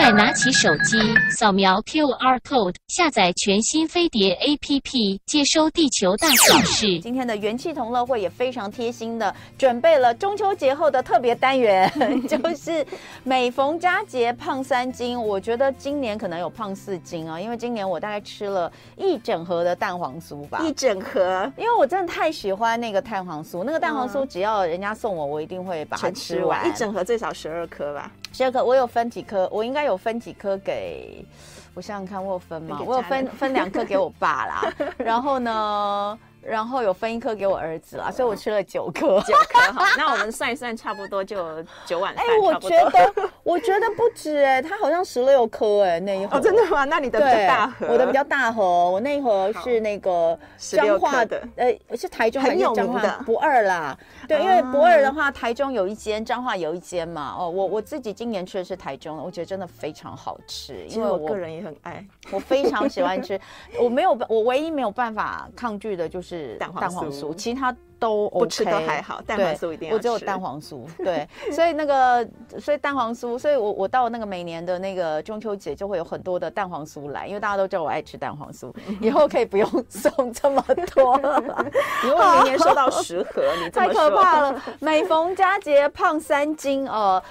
快拿起手機，掃描 QR code，下載全新飛碟 APP，接收地球大小事。今天的元氣同樂會也非常貼心的準備了中秋節後的特別單元， 就是每逢佳節胖三斤。我覺得今年可能有胖四斤啊，因為今年我大概吃了一整盒的蛋黃酥吧。一整盒，因為我真的太喜歡那個蛋黃酥，那個蛋黃酥只要人家送我，嗯、我一定會把它吃完。全吃完一整盒最少十二顆吧。這個我有分幾顆，我應該有分幾顆。給我想想看，我有分嗎？我有分，分兩顆給我爸啦， 然後呢？然後有分一顆給我兒子啦，oh, 所以我吃了九顆。那我們算一算，差不多就九碗。哎、欸，我覺得，我覺得不止、欸，他好像十六顆哎、欸，那一盒。Oh, 真的嗎？那你的比較大盒，我的比較大盒。我那一盒是那個彰化的，呃，是台中是彰化很有名的不二啦。對，因為不二的話，台中有一間，彰化有一間嘛。哦，我我自己今年吃的是台中，我覺得真的非常好吃，因為我個人也很愛我，我非常喜歡吃。 我沒有，我唯一沒有辦法抗拒的就是。蛋黃蛋黃酥，其他都 OK，不吃都還好。蛋黃酥一定要吃，我只有蛋黃酥。對， 所以那個，所以蛋黃酥，所以我我到那個每年的那個中秋節就會有很多的蛋黃酥來，因為大家都知道我愛吃蛋黃酥， 以後可以不用送這麼多了。因為 每年收到十盒， 你太可怕了。每逢佳節胖三斤哦、呃，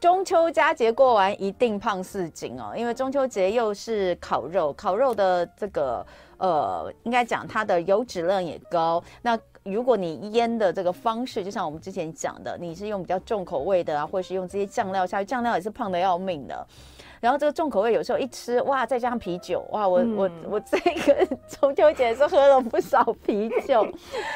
中秋佳節過完一定胖四斤哦、呃，因為中秋節又是烤肉，烤肉的這個。呃，應該講它的油脂量也高。那如果你醃的這個方式，就像我們之前講的，你是用比較重口味的啊，或者是用這些醬料下去，醬料也是胖得要命的。然後這個重口味有時候一吃哇，再加上啤酒哇，我我我這個中秋節是喝了不少啤酒，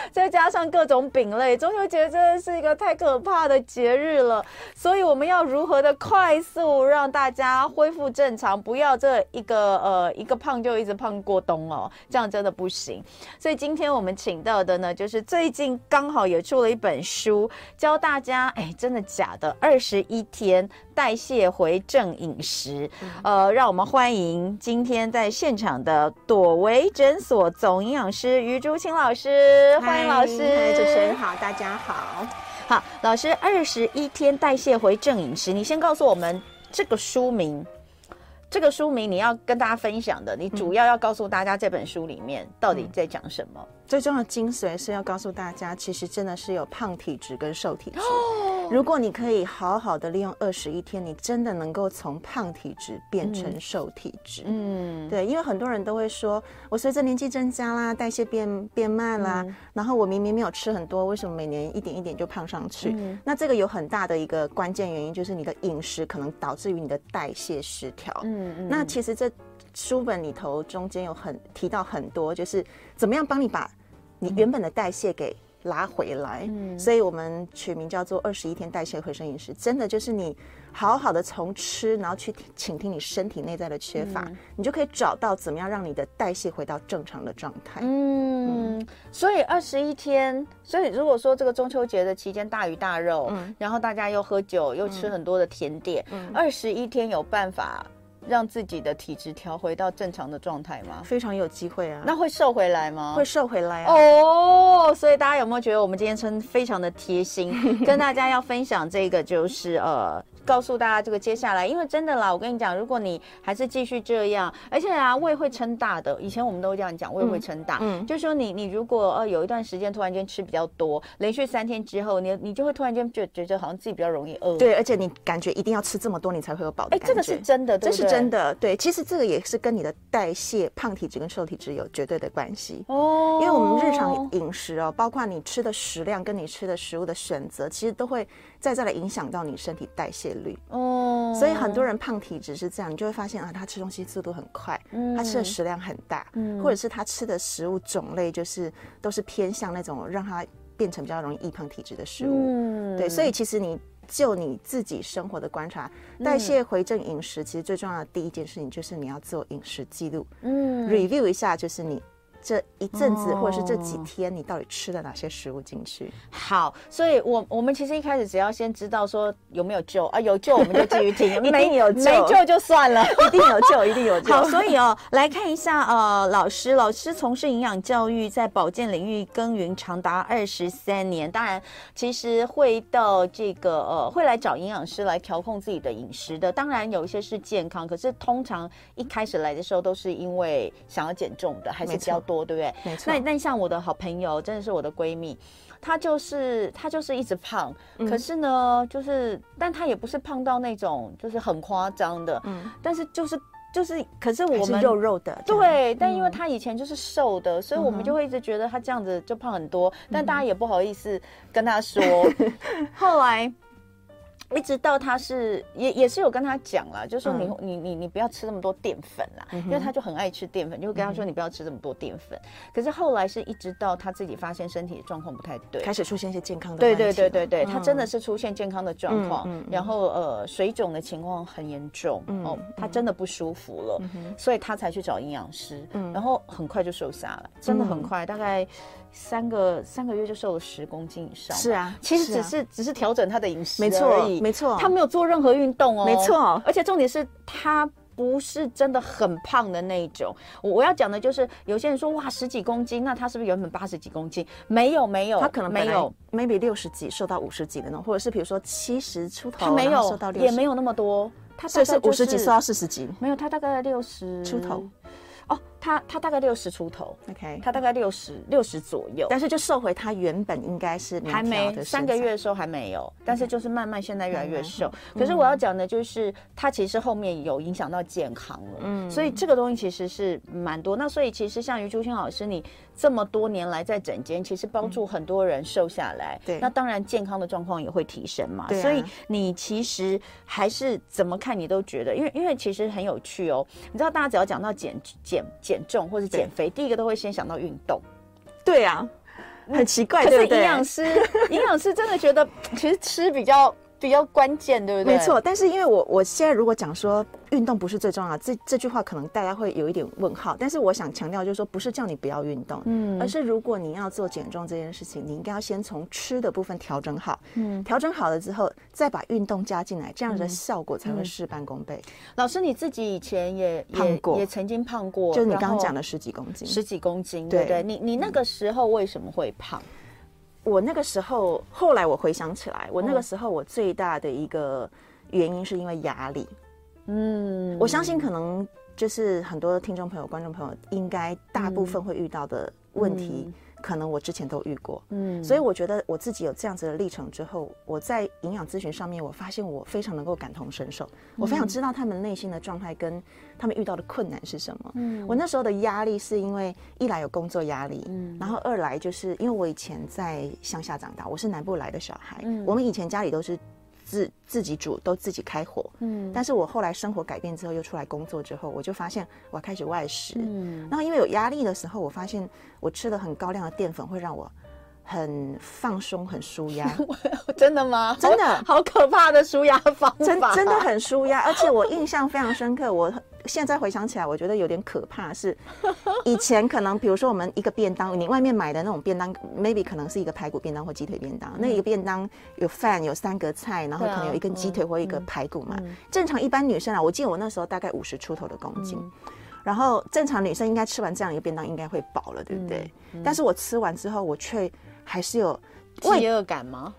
再加上各種餅類，中秋節真的是一個太可怕的節日了。所以我們要如何的快速讓大家恢復正常，不要這一個呃一個胖就一直胖過冬哦，這樣真的不行。所以今天我們請到的呢，就是最近剛好也出了一本書，教大家哎、欸，真的假的？二十一天代謝回正飲食。嗯、呃，讓我們歡迎今天在現場的朵薇診所總營養師余朱青老師，歡迎老師。嗨嗨，主持人好，大家好，好，老師，《二十一天代謝回正飲食》，你先告訴我們這個書名，這個書名你要跟大家分享的，你主要要告訴大家這本書裡面到底在講什麼？嗯最重要的精髓，是要告訴大家，其實真的是有胖體質跟瘦體質。如果你可以好好的利用二十一天，你真的能夠從胖體質變成瘦體質。嗯。嗯。對，因為很多人都會說，我隨着年紀增加啦，代謝變變慢啦，嗯，然後我明明沒有吃很多，為什麼每年一點一點就胖上去？嗯，那這個有很大的一個關鍵原因，就是你的飲食可能導致於你的代謝失調。嗯。嗯。那其實這書本裡頭中間有很提到很多，就是怎麼樣幫你把。你原本的代謝給拉回來，嗯，所以我們取名叫做二十一天代謝回正飲食，真的就是你好好的從吃，然後去傾聽你身體內在的缺乏，嗯，你就可以找到怎麼樣讓你的代謝回到正常的狀態。嗯，嗯，所以二十一天，所以如果說這個中秋節的期間大魚大肉，嗯，然後大家又喝酒又吃很多的甜點，嗯，二十一天有辦法讓自己的體質調回到正常的狀態嗎？非常有機會啊！那會瘦回來嗎？會瘦回來啊。哦，oh, 所以大家有沒有覺得我們今天稱非常的貼心？ 跟大家要分享這個就是呃，告訴大家這個接下來，因為真的啦，我跟你講，如果你還是繼續這樣，而且啊，胃會撐大的。以前我們都這樣講，胃會撐大，嗯，就是說你你如果呃有一段時間突然間吃比較多，連續三天之後，你你就會突然間覺得覺得好像自己比較容易餓。對，而且你感覺一定要吃這麼多你才會有飽的感覺。哎、欸，這個是真的，這是真。真的對，其實這個也是跟你的代謝、胖體質跟瘦體質有絕對的關係哦。Oh. 因為我們日常飲食哦、喔，包括你吃的食量跟你吃的食物的選擇，其實都會再再來影響到你身體代謝率哦。Oh. 所以很多人胖體質是這樣，你就會發現啊，他吃東西速度很快，mm. 他吃的食量很大，或者是他吃的食物種類就是都是偏向那種讓他變成比較容易易胖體質的食物。Mm. 對，所以其實你。就你自己生活的觀察，代謝回正飲食，嗯，其實最重要的第一件事情就是你要做飲食記錄，嗯，review 一下就是你。這一陣子，或者是這幾天，你到底吃了哪些食物進去？嗯、好，所以我，我我們其實一開始只要先知道說有沒有救啊，有救我們就繼續聽， 定沒有救沒救就算了， 一定有救，一定有救。好，所以哦，來看一下，呃，老師，老師從事營養教育，在保健領域耕耘長達二十三年。當然，其實會到這個呃，會來找營養師來調控自己的飲食的。當然，有一些是健康，可是通常一開始來的時候都是因為想要減重的，還是比較。多對不對？沒錯。那那像我的好朋友，真的是我的閨蜜，她就是她就是一直胖，嗯、哼可是呢，就是但她也不是胖到那種就是很誇張的，嗯，但是就是就是，可是我們是肉肉的，對，嗯、但因為她以前就是瘦的，所以我們就會一直覺得她這樣子就胖很多，嗯、哼但大家也不好意思跟她說，嗯、哼 後來。一直到他是也也是有跟他講啦，就是、說你、嗯、你你你不要吃那麼多澱粉啦，嗯、哼因為他就很愛吃澱粉，就會跟他說你不要吃這麼多澱粉。嗯、哼可是後來是一直到他自己發現身體狀況不太對，開始出現一些健康的對對對對對，他真的是出現健康的狀況，嗯、然後呃水腫的情況很嚴重哦，嗯、他真的不舒服了，嗯、哼所以他才去找營養師，嗯、然後很快就瘦下來了，真的很快，大概。三個三個月就瘦了十公斤以上，是啊，其實只是，是啊，只是調整他的飲食而已，沒錯，沒錯他沒有做任何運動哦，沒錯，而且重點是他不是真的很胖的那一種。我我要講的就是，有些人說哇十幾公斤，那他是不是原本八十幾公斤？沒有沒有，他可能沒有，maybe 六十幾瘦到五十幾的呢，或者是比如說七十出頭，他沒有，瘦到六十，也沒有那麼多，他大概就是，所以是五十幾瘦到四十幾，沒有，他大概六十出頭，哦。他他大概六十出頭，OK，他大概六十六十左右，但是就瘦回他原本應該是還沒三個月的時候還沒有，但是就是慢慢現在越來越瘦。Okay. 可是我要講的就是，他、嗯、其實後面有影響到健康了，嗯，所以這個東西其實是蠻多。那所以其實像余朱青老師，你這麼多年來在診間，其實幫助很多人瘦下來，對、嗯，那當然健康的狀況也會提升嘛。對所以你其實還是怎麼看你都覺得，因為因為其實很有趣哦。你知道大家只要講到減減。減重或是減肥，對第一個都會先想到運動，對啊，嗯、很奇怪，可是營養師，對對營養師真的覺得 其實吃比較。比較關鍵，對不對？沒錯，但是因為我我現在如果講說運動不是最重要，這這句話可能大家會有一點問號。但是我想強調就是說，不是叫你不要運動，嗯，而是如果你要做減重這件事情，你應該要先從吃的部分調整好，嗯，調整好了之後再把運動加進來，這樣的效果才會事半功倍。嗯，嗯，老師，你自己以前也，也胖過，也曾經胖過，就你剛剛講的十幾公斤，十幾公斤，對，對，你你那個時候為什麼會胖？我那個時候，後來我回想起來，我那個時候我最大的一個原因是因為壓力。嗯，我相信可能就是很多聽眾朋友、觀眾朋友應該大部分會遇到的問題。嗯嗯可能我之前都遇過，嗯，所以我覺得我自己有這樣子的歷程之後，我在營養諮詢上面，我發現我非常能夠感同身受，嗯，我非常知道他們內心的狀態跟他們遇到的困難是什麼。嗯，我那時候的壓力是因為一來有工作壓力，嗯，然後二來就是因為我以前在鄉下長大，我是南部來的小孩，嗯，我們以前家裡都是。自自己煮都自己開火，嗯，但是我後來生活改變之後，又出來工作之後，我就發現我開始外食，嗯，然後因為有壓力的時候，我發現我吃了很高量的澱粉會讓我很放鬆、很舒壓， 真的嗎？真的好，好可怕的舒壓方法，真的真的很舒壓，而且我印象非常深刻， 我。現在回想起來，我覺得有點可怕。是以前可能，比如說我們一個便當，你外面買的那種便當，maybe 可能是一個排骨便當或雞腿便當。那一個便當有飯，有三個菜，然後可能有一根雞腿或一個排骨嘛。正常一般女生啊，我記得我那時候大概五十出頭的公斤，然後正常女生應該吃完這樣一個便當應該會飽了，對不對？但是我吃完之後，我卻還是有飢餓感嗎？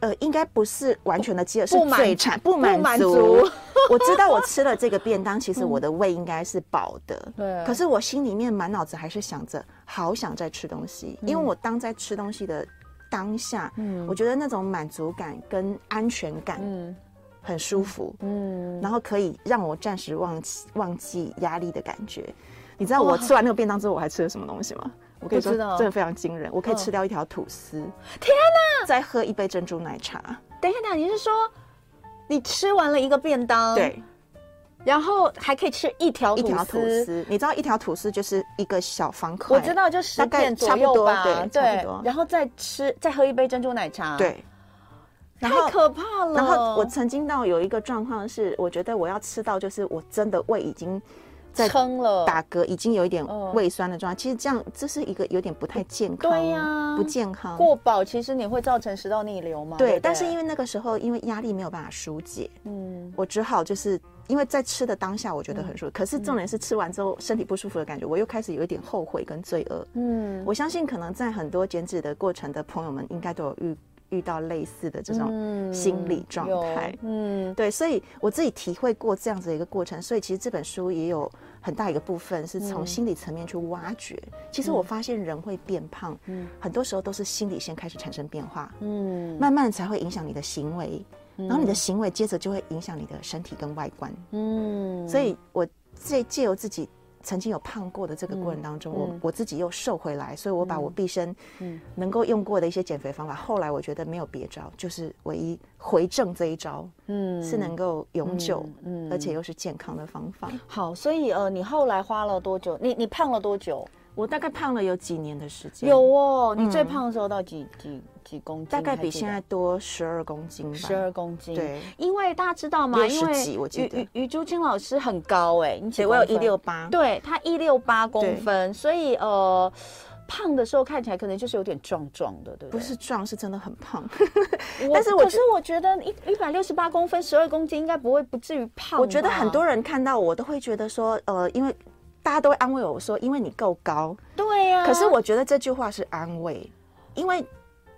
呃，應該不是完全的飢餓，是嘴饞，不滿足。滿足 我知道我吃了這個便當，其實我的胃應該是飽的。對、啊。可是我心裡面滿腦子還是想着，好想再吃東西。嗯、因為我當在吃東西的當下，嗯，我覺得那種滿足感跟安全感，嗯，很舒服，嗯。嗯然後可以讓我暫時忘記忘記壓力的感覺。嗯、你知道我吃完那個便當之後，我還吃了什麼東西嗎？我可以說知道真的非常驚人，我可以吃掉一條吐司。嗯、天哪、啊！再喝一杯珍珠奶茶。等一下，等一下，你是說你吃完了一個便當，對，然後還可以吃一條、一條吐司？你知道一條吐司就是一個小方塊，我知道，就十片大概差不多吧，對，差不多，對。然後再吃，再喝一杯珍珠奶茶，對。然後，太可怕了！然後我曾經到有一個狀況是，我覺得我要吃到就是我真的胃已經撐了，打嗝，已經有一點胃酸的狀態。呃、其實這樣，這是一個有點不太健康，對呀，不健康。過飽其實你會造成食道逆流嘛。對，對對對，但是因為那個時候，因為壓力沒有辦法疏解，嗯，我只好就是因為在吃的當下我覺得很舒服，嗯、可是重點是吃完之後、嗯、身體不舒服的感覺，我又開始有一點後悔跟罪惡。嗯，我相信可能在很多減脂的過程的朋友們應該都有遇。遇到類似的這種心理狀態，嗯，嗯，對，所以我自己體會過這樣子的一個過程，所以其實這本書也有很大一個部分是從心理層面去挖掘。嗯，其實我發現人會變胖，嗯，很多時候都是心理先開始產生變化，嗯，慢慢才會影響你的行為，嗯，然後你的行為接着就會影響你的身體跟外觀，嗯，所以我借借由自己，曾經有胖過的這個過程當中，嗯嗯、我我自己又瘦回來，所以我把我畢生，嗯，能夠用過的一些減肥方法，嗯嗯、後來我覺得沒有別招，就是唯一回正這一招嗯，嗯，是能夠永久，嗯，而且又是健康的方法。好，所以呃，你後來花了多久？你你胖了多久？我大概胖了有幾年的時間，有哦。你最胖的時候到幾、嗯、幾幾公斤？大概比現在多十二公，公斤。十二公斤，對。因為大家知道嗎？因為余余余朱青老師很高哎，而且我有一六八，對他一六八公分，所以，對所以呃，胖的時候看起來可能就是有點壯壯的，對不，對不是壯，是真的很胖。 但是可是我覺得一一百六十八公分十二公斤應該不會不至於胖。我覺得很多人看到我都會覺得說，呃，因為。大家都會安慰我說：“因為你夠高。對啊”對呀。可是我覺得這句話是安慰，因為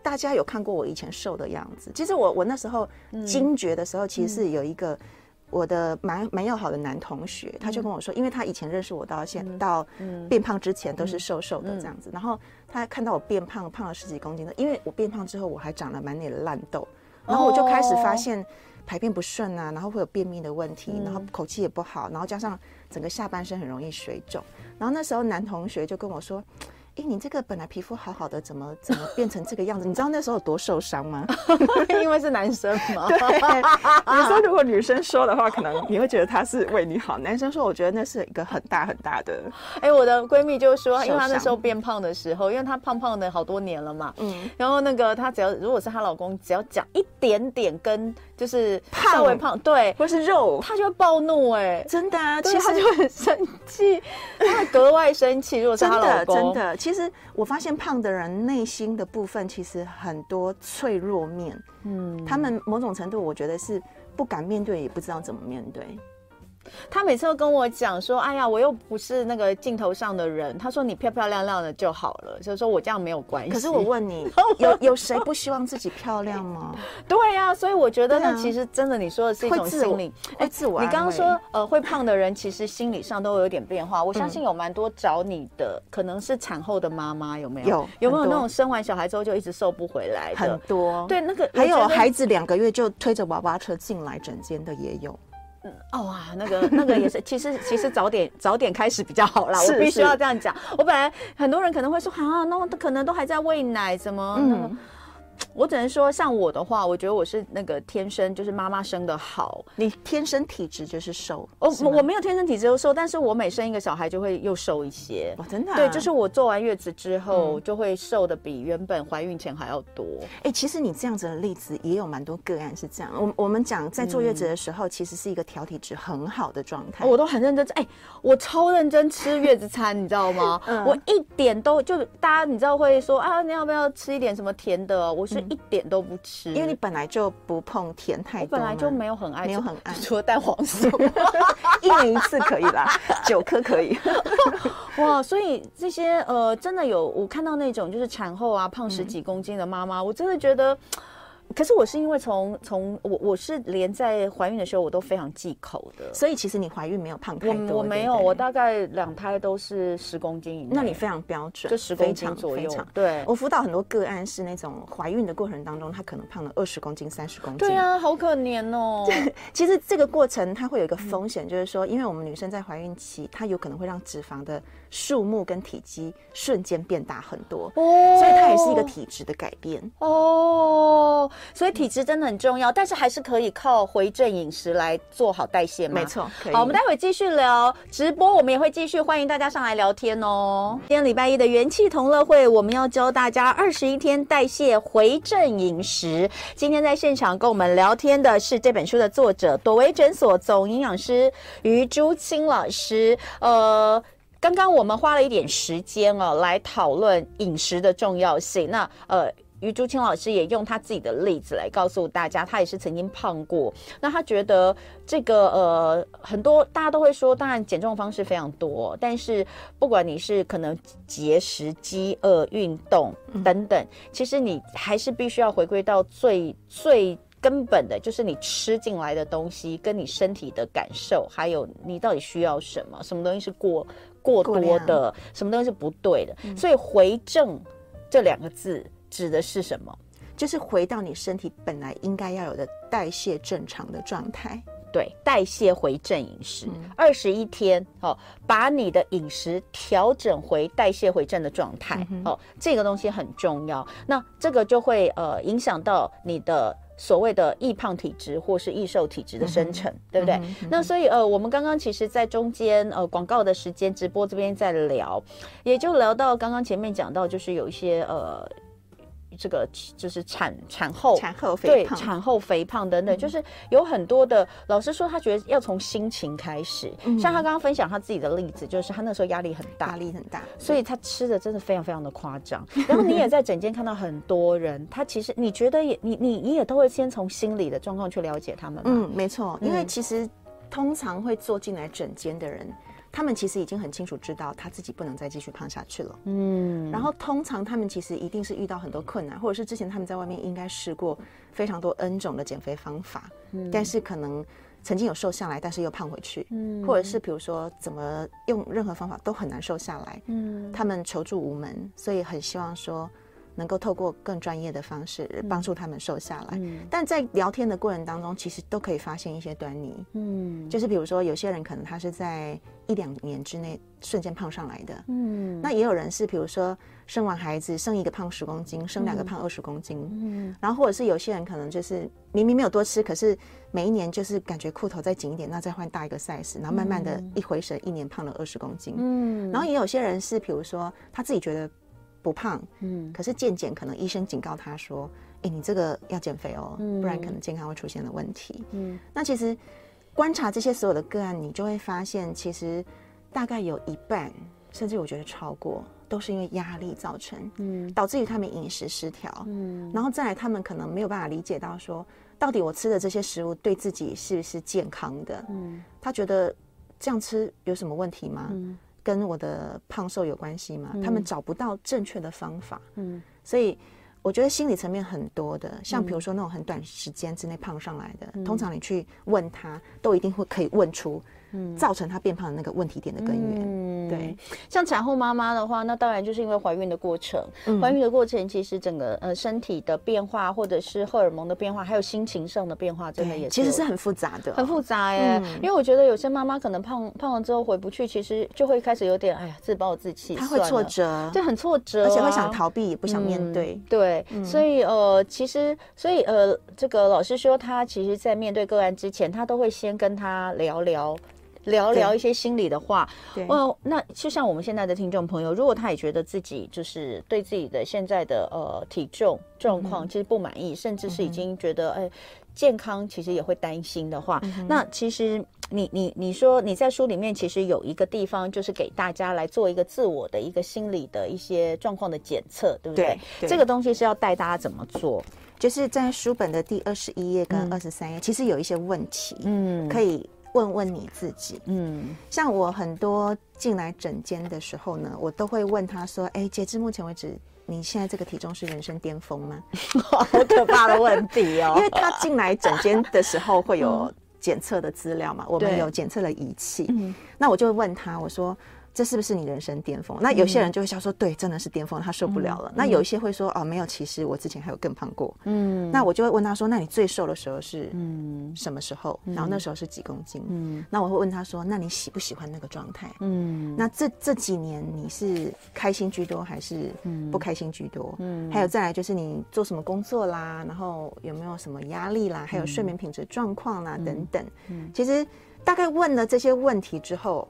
大家有看過我以前瘦的樣子。其實我我那時候嗯、驚覺的時候，其實是有一個我的蠻蠻要好的男同學，嗯、他就跟我說：“因為他以前認識我到現在、嗯嗯、到變胖之前都是瘦瘦的這樣子。嗯”嗯、然後他看到我變胖，胖了十幾公斤的，因為我變胖之後我還長了滿臉爛痘，然後我就開始發現排便不順啊，然後會有便秘的問題，哦、然後口氣也不好，然後加上。整個下半身很容易水腫，然後那時候男同學就跟我說：“哎，你這個本來皮膚好好的，怎麼怎麼變成這個樣子？ 你知道那時候有多受傷嗎？” 因為是男生嘛。你說 對 如果女生說的話，可能你會覺得他是為你好。 男生說，我覺得那是一個很大很大的。哎、欸，我的閨蜜就說，因為她那時候變胖的時候，因為她胖胖的好多年了嘛。嗯。然後那個她只要如果是她老公，只要講一點點跟。就是胖，微胖，胖對，或是肉，他就會暴怒、欸，哎，真的啊，對其實他就很生氣， 他格外生氣。 如果是他老公，真的真的，其實我發現胖的人內心的部分其實很多脆弱面，嗯，他們某種程度我覺得是不敢面對，也不知道怎麼面對。他每次都跟我講說：“哎呀，我又不是那個鏡頭上的人。”他說：“你漂漂亮亮的就好了。”所以說我這樣沒有關係。可是我問你， 有有誰不希望自己漂亮嗎？ 對呀、啊，所以我覺得那其實真的，你說的是一種心理，哎，自我。自我欸，你剛剛說呃，會胖的人其實心理上都有點變化。我相信有蠻多找你的，嗯、可能是產後的媽媽，有沒有？有有沒有那種生完小孩之後就一直瘦不回來的？很多。對，那個還有孩子兩個月就推着娃娃車進來診間，的也有。嗯、哦哇、啊，那個那個也是，其實其實早點 早點開始比較好啦，我必須要這樣講。是是我本來很多人可能會說，好、啊，那我可能都還在餵奶，怎麼、嗯、那麼？我只能說，像我的話，我覺得我是那個天生就是媽媽生的好。你天生體質就是瘦，我、oh, 嗎我沒有天生體質就瘦，但是我每生一個小孩就會又瘦一些。哇，oh, 真的、啊？對，就是我坐完月子之後、嗯、就會瘦的比原本懷孕前還要多。哎、欸，其實你這樣子的例子也有蠻多個案是這樣。我們我們講在坐月子的時候，嗯、其實是一個調體質很好的狀態。我都很認真，哎、欸，我超認真吃月子餐， 你知道嗎？嗯、我一點都就大家你知道會說啊，你要不要吃一點什麼甜的、啊？我是一點都不吃，嗯、因為你本來就不碰甜太多。我本來就沒有很愛吃，沒有很愛吃，除了蛋黃酥， 一年一次可以啦， 九顆可以。 哇，所以這些呃，真的有我看到那種就是產後啊，胖十幾公斤的媽媽，嗯、我真的覺得。可是我是因為從從我我是連在懷孕的時候我都非常忌口的。所以其實你懷孕沒有胖太多。我、我沒有，對不對？我大概兩胎都是十公斤以內。那你非常標準，就十公斤左右。非常非常，對，我輔導很多個案是那種懷孕的過程當中，她可能胖了二十公斤、三十公斤。對啊，好可憐哦。 其實這個過程它會有一個風險，嗯、就是說，因為我們女生在懷孕期，它有可能會讓脂肪的。樹木跟體積瞬間變大很多哦，所以它也是一個體質的改變哦。所以體質真的很重要，但是還是可以靠回正飲食來做好代謝。沒錯，好，我們待會繼續聊直播，我們也會繼續歡迎大家上來聊天哦。今天禮拜一的元氣同樂會，我們要教大家二十一天代謝回正飲食。今天在現場跟我們聊天的是這本書的作者，朵薇診所總營養師余朱青老師。呃。剛剛我們花了一點時間哦，來討論飲食的重要性。那呃，余朱青老師也用他自己的例子來告訴大家，他也是曾經胖過。那他覺得這個呃，很多大家都會說，當然減重方式非常多，但是不管你是可能節食、飢餓、運動等等，其實你還是必須要回歸到最最根本的，就是你吃進來的東西，跟你身體的感受，還有你到底需要什麼，什麼東西是過。過多的過量什麼東西是不對的，嗯、所以“回正”這兩個字指的是什麼？就是回到你身體本來應該要有的代謝正常的狀態。對，代謝回正飲食二十一天，哦，把你的飲食調整回代謝回正的狀態。好、嗯哼哦，這個東西很重要。那這個就會呃影響到你的。所謂的易胖體質或是易瘦體質的生成，嗯、哼對不對？嗯、哼那所以呃，我們剛剛其實在中間呃廣告的時間，直播這邊在聊，也就聊到剛剛前面講到，就是有一些呃。這個就是產產後產後肥胖對產後肥胖等等，嗯、就是有很多的老師說，他覺得要從心情開始。嗯、像他剛剛分享他自己的例子，就是他那時候壓力很大，壓力很大，所以他吃的真的非常非常的誇張。對然後你也在診間看到很多人， 他其實你覺得也你你你也都會先從心理的狀況去了解他們。嗯，沒錯，因為其實通常會坐進來診間的人。他們其實已經很清楚知道，他自己不能再繼續胖下去了。嗯，然後通常他們其實一定是遇到很多困難，或者是之前他們在外面應該試過非常多 N 種的減肥方法，但是可能曾經有瘦下來，但是又胖回去，或者是比如說怎麼用任何方法都很難瘦下來，嗯，他們求助無門，所以很希望說。能夠透過更專業的方式幫助他們瘦下來，嗯、但在聊天的過程當中，其實都可以發現一些端倪。嗯，就是比如說，有些人可能他是在一兩年之內瞬間胖上來的。嗯，那也有人是，比如說生完孩子，生一個胖十公斤，生兩個胖二十公斤。嗯，然後或者是有些人可能就是明明沒有多吃，可是每一年就是感覺褲頭再緊一點，那再換大一個 size，然後慢慢的一回神，一年胖了二十公斤。嗯，然後也有些人是，比如說他自己覺得。不胖，嗯，可是漸漸可能醫生警告他說，誒、欸，你這個要減肥哦、喔，嗯、不然可能健康會出現了問題，嗯，嗯，那其實觀察這些所有的個案，你就會發現，其實大概有一半，甚至我覺得超過，都是因為壓力造成，嗯，導致於他們飲食失調，嗯，然後再來他們可能沒有辦法理解到說，到底我吃的這些食物對自己是不是健康的，嗯，他覺得這樣吃有什麼問題嗎？嗯跟我的胖瘦有關係嗎？他們找不到正確的方法，嗯，所以我覺得心理層面很多的，像比如說那種很短時間之內胖上來的，嗯，通常你去問他，都一定會可以問出造成她變胖的那個問題點的根源，嗯、對，像產後媽媽的話，那當然就是因為懷孕的過程，嗯、懷孕的過程其實整個呃身體的變化，或者是荷爾蒙的變化，還有心情上的變化，真的也其實是很複雜的、哦，很複雜哎。嗯、因為我覺得有些媽媽可能胖胖了之後回不去，其實就會開始有點哎呀，自暴自棄，她會挫折，了對，很挫折、啊，而且會想逃避，也不想面對。嗯、對，嗯、所以呃，其實，所以呃，這個老師說她其實在面對個案之前，她都會先跟她聊聊。聊聊一些心理的話，對，對、哦。那就像我們現在的聽眾朋友，如果他也覺得自己就是對自己的現在的呃體重狀況其實不滿意，嗯、甚至是已經覺得、嗯、哼哎健康其實也會擔心的話，嗯、哼那其實你你你說你在書裡面其實有一個地方就是給大家來做一個自我的一個心理的一些狀況的檢測，對不對？對對，這個東西是要帶大家怎麼做？就是在書本的第二十一頁跟二十三頁，嗯、其實有一些問題，嗯，可以。問問你自己，嗯，像我很多進來診間的時候呢，我都會問他說：“誒，截至目前為止，你現在這個體重是人生巔峰嗎？”好可怕的問題哦， 因為他進來診間的時候會有檢測的資料嘛，我們有檢測的儀器，嗯對，那我就問他，我說。這是不是你人生巔峰？那有些人就會笑說：“對，真的是巔峰，他受不了了。”那有一些會說：“哦，沒有，其實我之前還有更胖過。”嗯，那我就會問他說：“那你最瘦的時候是嗯什麼時候？然後那時候是幾公斤？”嗯，那我會問他說：“那你喜不喜歡那個狀態？”嗯，那這這幾年你是開心居多還是不開心居多？嗯，還有再來就是你做什麼工作啦，然後有沒有什麼壓力啦，還有睡眠品質狀況啦等等。其實大概問了這些問題之後，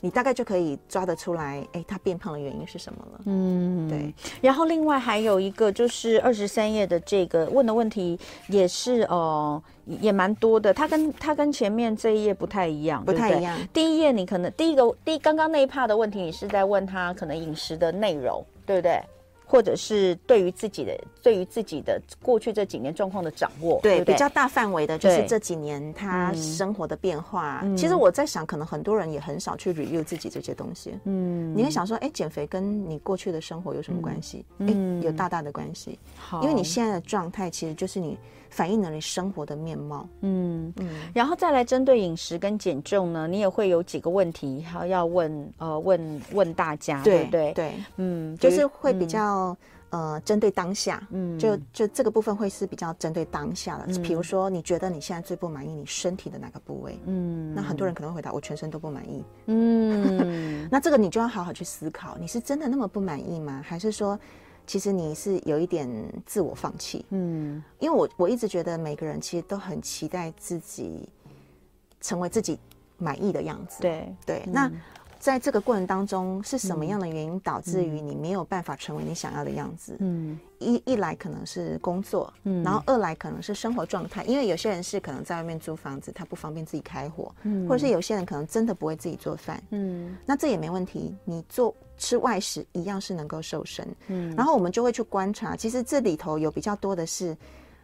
你大概就可以抓得出來，哎、欸，他變胖的原因是什麼了。嗯，對。然後另外還有一個就是二十三頁的這個問的問題也是哦、呃，也蠻多的。他跟他跟前面這一頁不太一樣，不太一樣。對對，第一頁你可能第一個第剛剛那一趴的問題，你是在問他可能飲食的內容，對不對？或者是對於自己的對於自己的過去這幾年狀況的掌握，對，對，比較大範圍的，就是這幾年他生活的變化。嗯、其實我在想，可能很多人也很少去 review 自己這些東西。嗯，你會想說，誒，減肥跟你過去的生活有什麼關係？哎、嗯嗯，有大大的關係，好因為你現在的狀態其實就是你。反映了你生活的面貌，嗯嗯，然後再來針對飲食跟減重呢，你也會有幾個問題還要要問呃問問大家，對對對，對對對嗯，就是會比較、嗯、呃針對當下，嗯，就就這個部分會是比較針對當下的，比、嗯、如說你覺得你現在最不滿意你身體的哪個部位？嗯，那很多人可能會回答我全身都不滿意，嗯， 那這個你就要好好去思考，你是真的那麼不滿意嗎？還是說？其實你是有一點自我放棄，嗯，因為我我一直覺得每個人其實都很期待自己成為自己滿意的樣子，對、嗯、對，那。在這個過程當中，是什麼樣的原因導致於你沒有辦法成為你想要的樣子？嗯，嗯，一一來可能是工作，嗯，然後二來可能是生活狀態，因為有些人是可能在外面租房子，他不方便自己開火，嗯，或者是有些人可能真的不會自己做飯，嗯，那這也沒問題，你做吃外食一樣是能夠瘦身，嗯，然後我們就會去觀察，其實這裡頭有比較多的是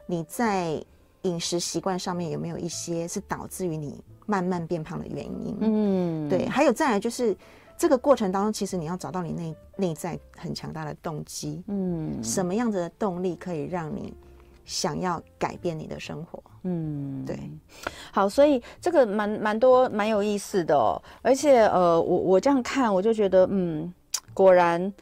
你在。飲食習慣上面有沒有一些是導致於你慢慢變胖的原因？嗯，對。還有再來就是這個過程當中，其實你要找到你內內在很強大的動機。嗯，什麼樣子的動力可以讓你想要改變你的生活？嗯，對。好，所以這個蠻蠻多、蠻有意思的哦，而且呃，我我這樣看我就覺得，嗯，果然。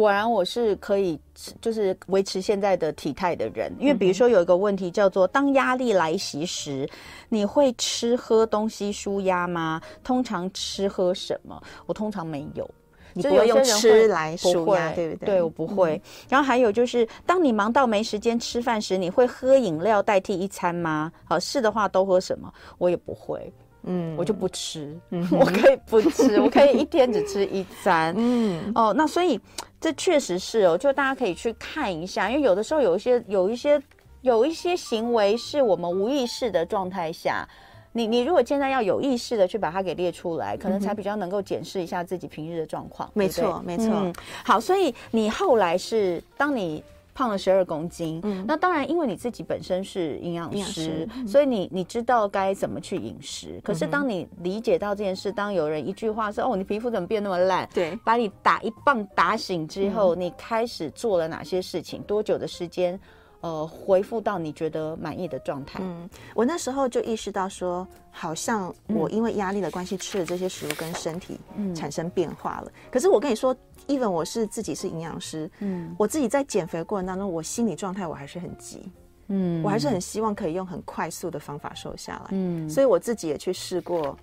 果然我是可以，就是維持現在的體態的人。因為比如說有一個問題叫做，嗯、哼當壓力來襲時，你會吃喝東西舒壓嗎？通常吃喝什麼？我通常沒有，你不會用吃會來舒壓，不會對不對？對我不會。嗯、然後還有就是，當你忙到沒時間吃飯時，你會喝飲料代替一餐嗎？好，是的話都喝什麼？我也不會。嗯， 我就不吃，嗯、哼我可以不吃，我可以一天只吃一餐。 嗯，哦，那所以這確實是哦，就大家可以去看一下，因為有的時候有一些、有一些、有一些行為是我們無意識的狀態下，你你如果現在要有意識的去把它給列出來，可能才比較能夠檢視一下自己平日的狀況。沒錯，沒錯。嗯、好，所以你後來是當你。胖了十二公斤，嗯、那當然，因為你自己本身是營養師，營養師嗯、所以你你知道該怎麼去飲食。可是當你理解到這件事，當有人一句話說：“哦，你皮膚怎麼變那麼爛？”對，把你打一棒打醒之後，嗯、你開始做了哪些事情？多久的時間？呃，恢復到你覺得滿意的狀態？嗯，我那時候就意識到說，好像我因為壓力的關係，吃了這些食物跟身體產生變化了。可是我跟你說。Even，我是自己是營養師，嗯，我自己在減肥過程當中，我心理狀態我還是很急，嗯，我還是很希望可以用很快速的方法瘦下來，嗯，所以我自己也去試過，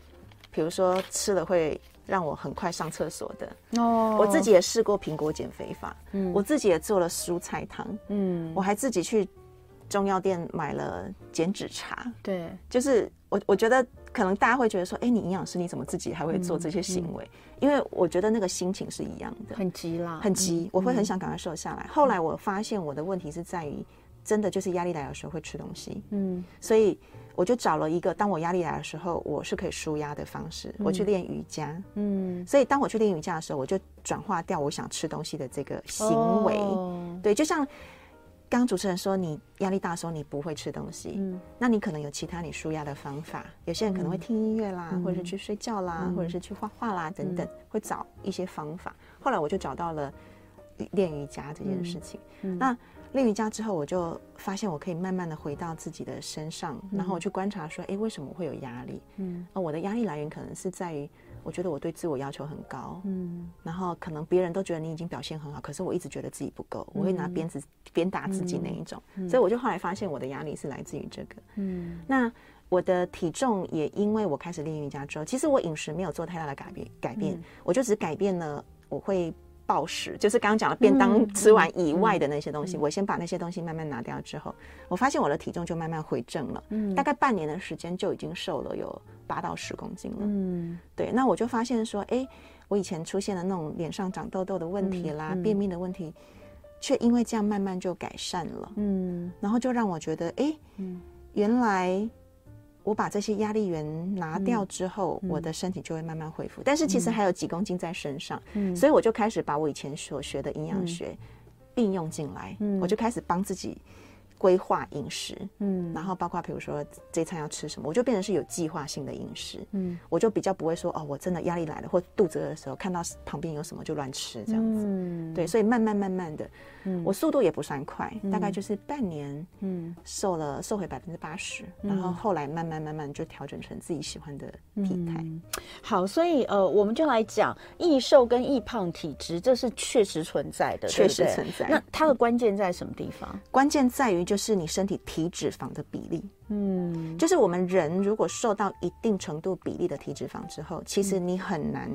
比如說吃了會讓我很快上廁所的，哦，我自己也試過蘋果減肥法，嗯，我自己也做了蔬菜湯，嗯，我還自己去中藥店買了減脂茶，對，就是我我覺得。可能大家會覺得說，誒、欸，你營養師，你怎麼自己還會做這些行為？嗯嗯、因為我覺得那個心情是一樣的，很急啦，很急，嗯、我會很想趕快瘦下來。嗯、後來我發現我的問題是在於，真的就是壓力來的時候會吃東西，嗯，所以我就找了一個，當我壓力來的時候，我是可以舒壓的方式，嗯、我去練瑜伽，嗯，所以當我去練瑜伽的時候，我就轉化掉我想吃東西的這個行為，哦、對，就像。剛剛主持人說你壓力大的時候你不會吃東西，嗯、那你可能有其他你舒壓的方法。有些人可能會聽音樂啦，嗯、或者是去睡覺啦，嗯、或者是去畫畫啦等等，嗯、會找一些方法。後來我就找到了練瑜伽這件事情。嗯、那練瑜伽之後，我就發現我可以慢慢的回到自己的身上，嗯、然後我去觀察說，誒、欸，為什麼會有壓力？嗯，我的壓力來源可能是在於，我覺得我對自我要求很高，嗯，然後可能別人都覺得你已經表現很好，可是我一直覺得自己不夠，嗯、我會拿鞭子鞭打自己那一種，嗯、所以我就後來發現我的壓力是來自於這個，嗯，那我的體重也因為我開始練瑜伽之後，其實我飲食沒有做太大的改變，改變，嗯、我就只改變了我會。暴食，就是剛剛講的便當吃完以外的那些東西，嗯嗯、我先把那些東西慢慢拿掉之後，我發現我的體重就慢慢回正了。嗯，大概半年的時間就已經瘦了有八到十公斤了。嗯，對，那我就發現說，哎，我以前出現的那種臉上長痘痘的問題啦，嗯嗯、便秘的問題，卻因為這樣慢慢就改善了。嗯，然後就讓我覺得，哎，原來。我把這些壓力源拿掉之後，嗯嗯、我的身體就會慢慢恢復。但是其實還有幾公斤在身上，嗯、所以我就開始把我以前所學的營養學、嗯、應用進來，嗯、我就開始幫自己。規劃飲食，嗯，然後包括比如說，這餐要吃什麼，我就變成是有計劃性的飲食，嗯，我就比較不會說哦，我真的壓力來了或肚子餓的時候，看到旁邊有什麼就亂吃這樣子，嗯，對，所以慢慢慢慢的，我速度也不算快，大概就是半年，嗯，瘦了瘦回百分之八十，然後後來慢慢慢慢就調整成自己喜歡的體態。好，所以呃，我們就來講易瘦跟易胖體質，這是確實存在的，確實存在。那它的關鍵在什麼地方？關鍵在於。就是你身體體脂肪的比例，嗯，就是我們人如果瘦到一定程度比例的體脂肪之後，其實你很難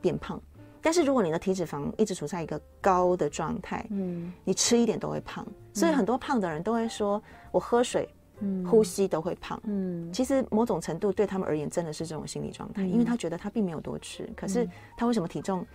變胖。嗯、但是如果你的體脂肪一直處在一個高的狀態，嗯，你吃一點都會胖。嗯、所以很多胖的人都會說，我喝水、嗯、呼吸都會胖。嗯，其實某種程度對他們而言真的是這種心理狀態，嗯、因為他覺得他並沒有多吃，可是他為什麼體重？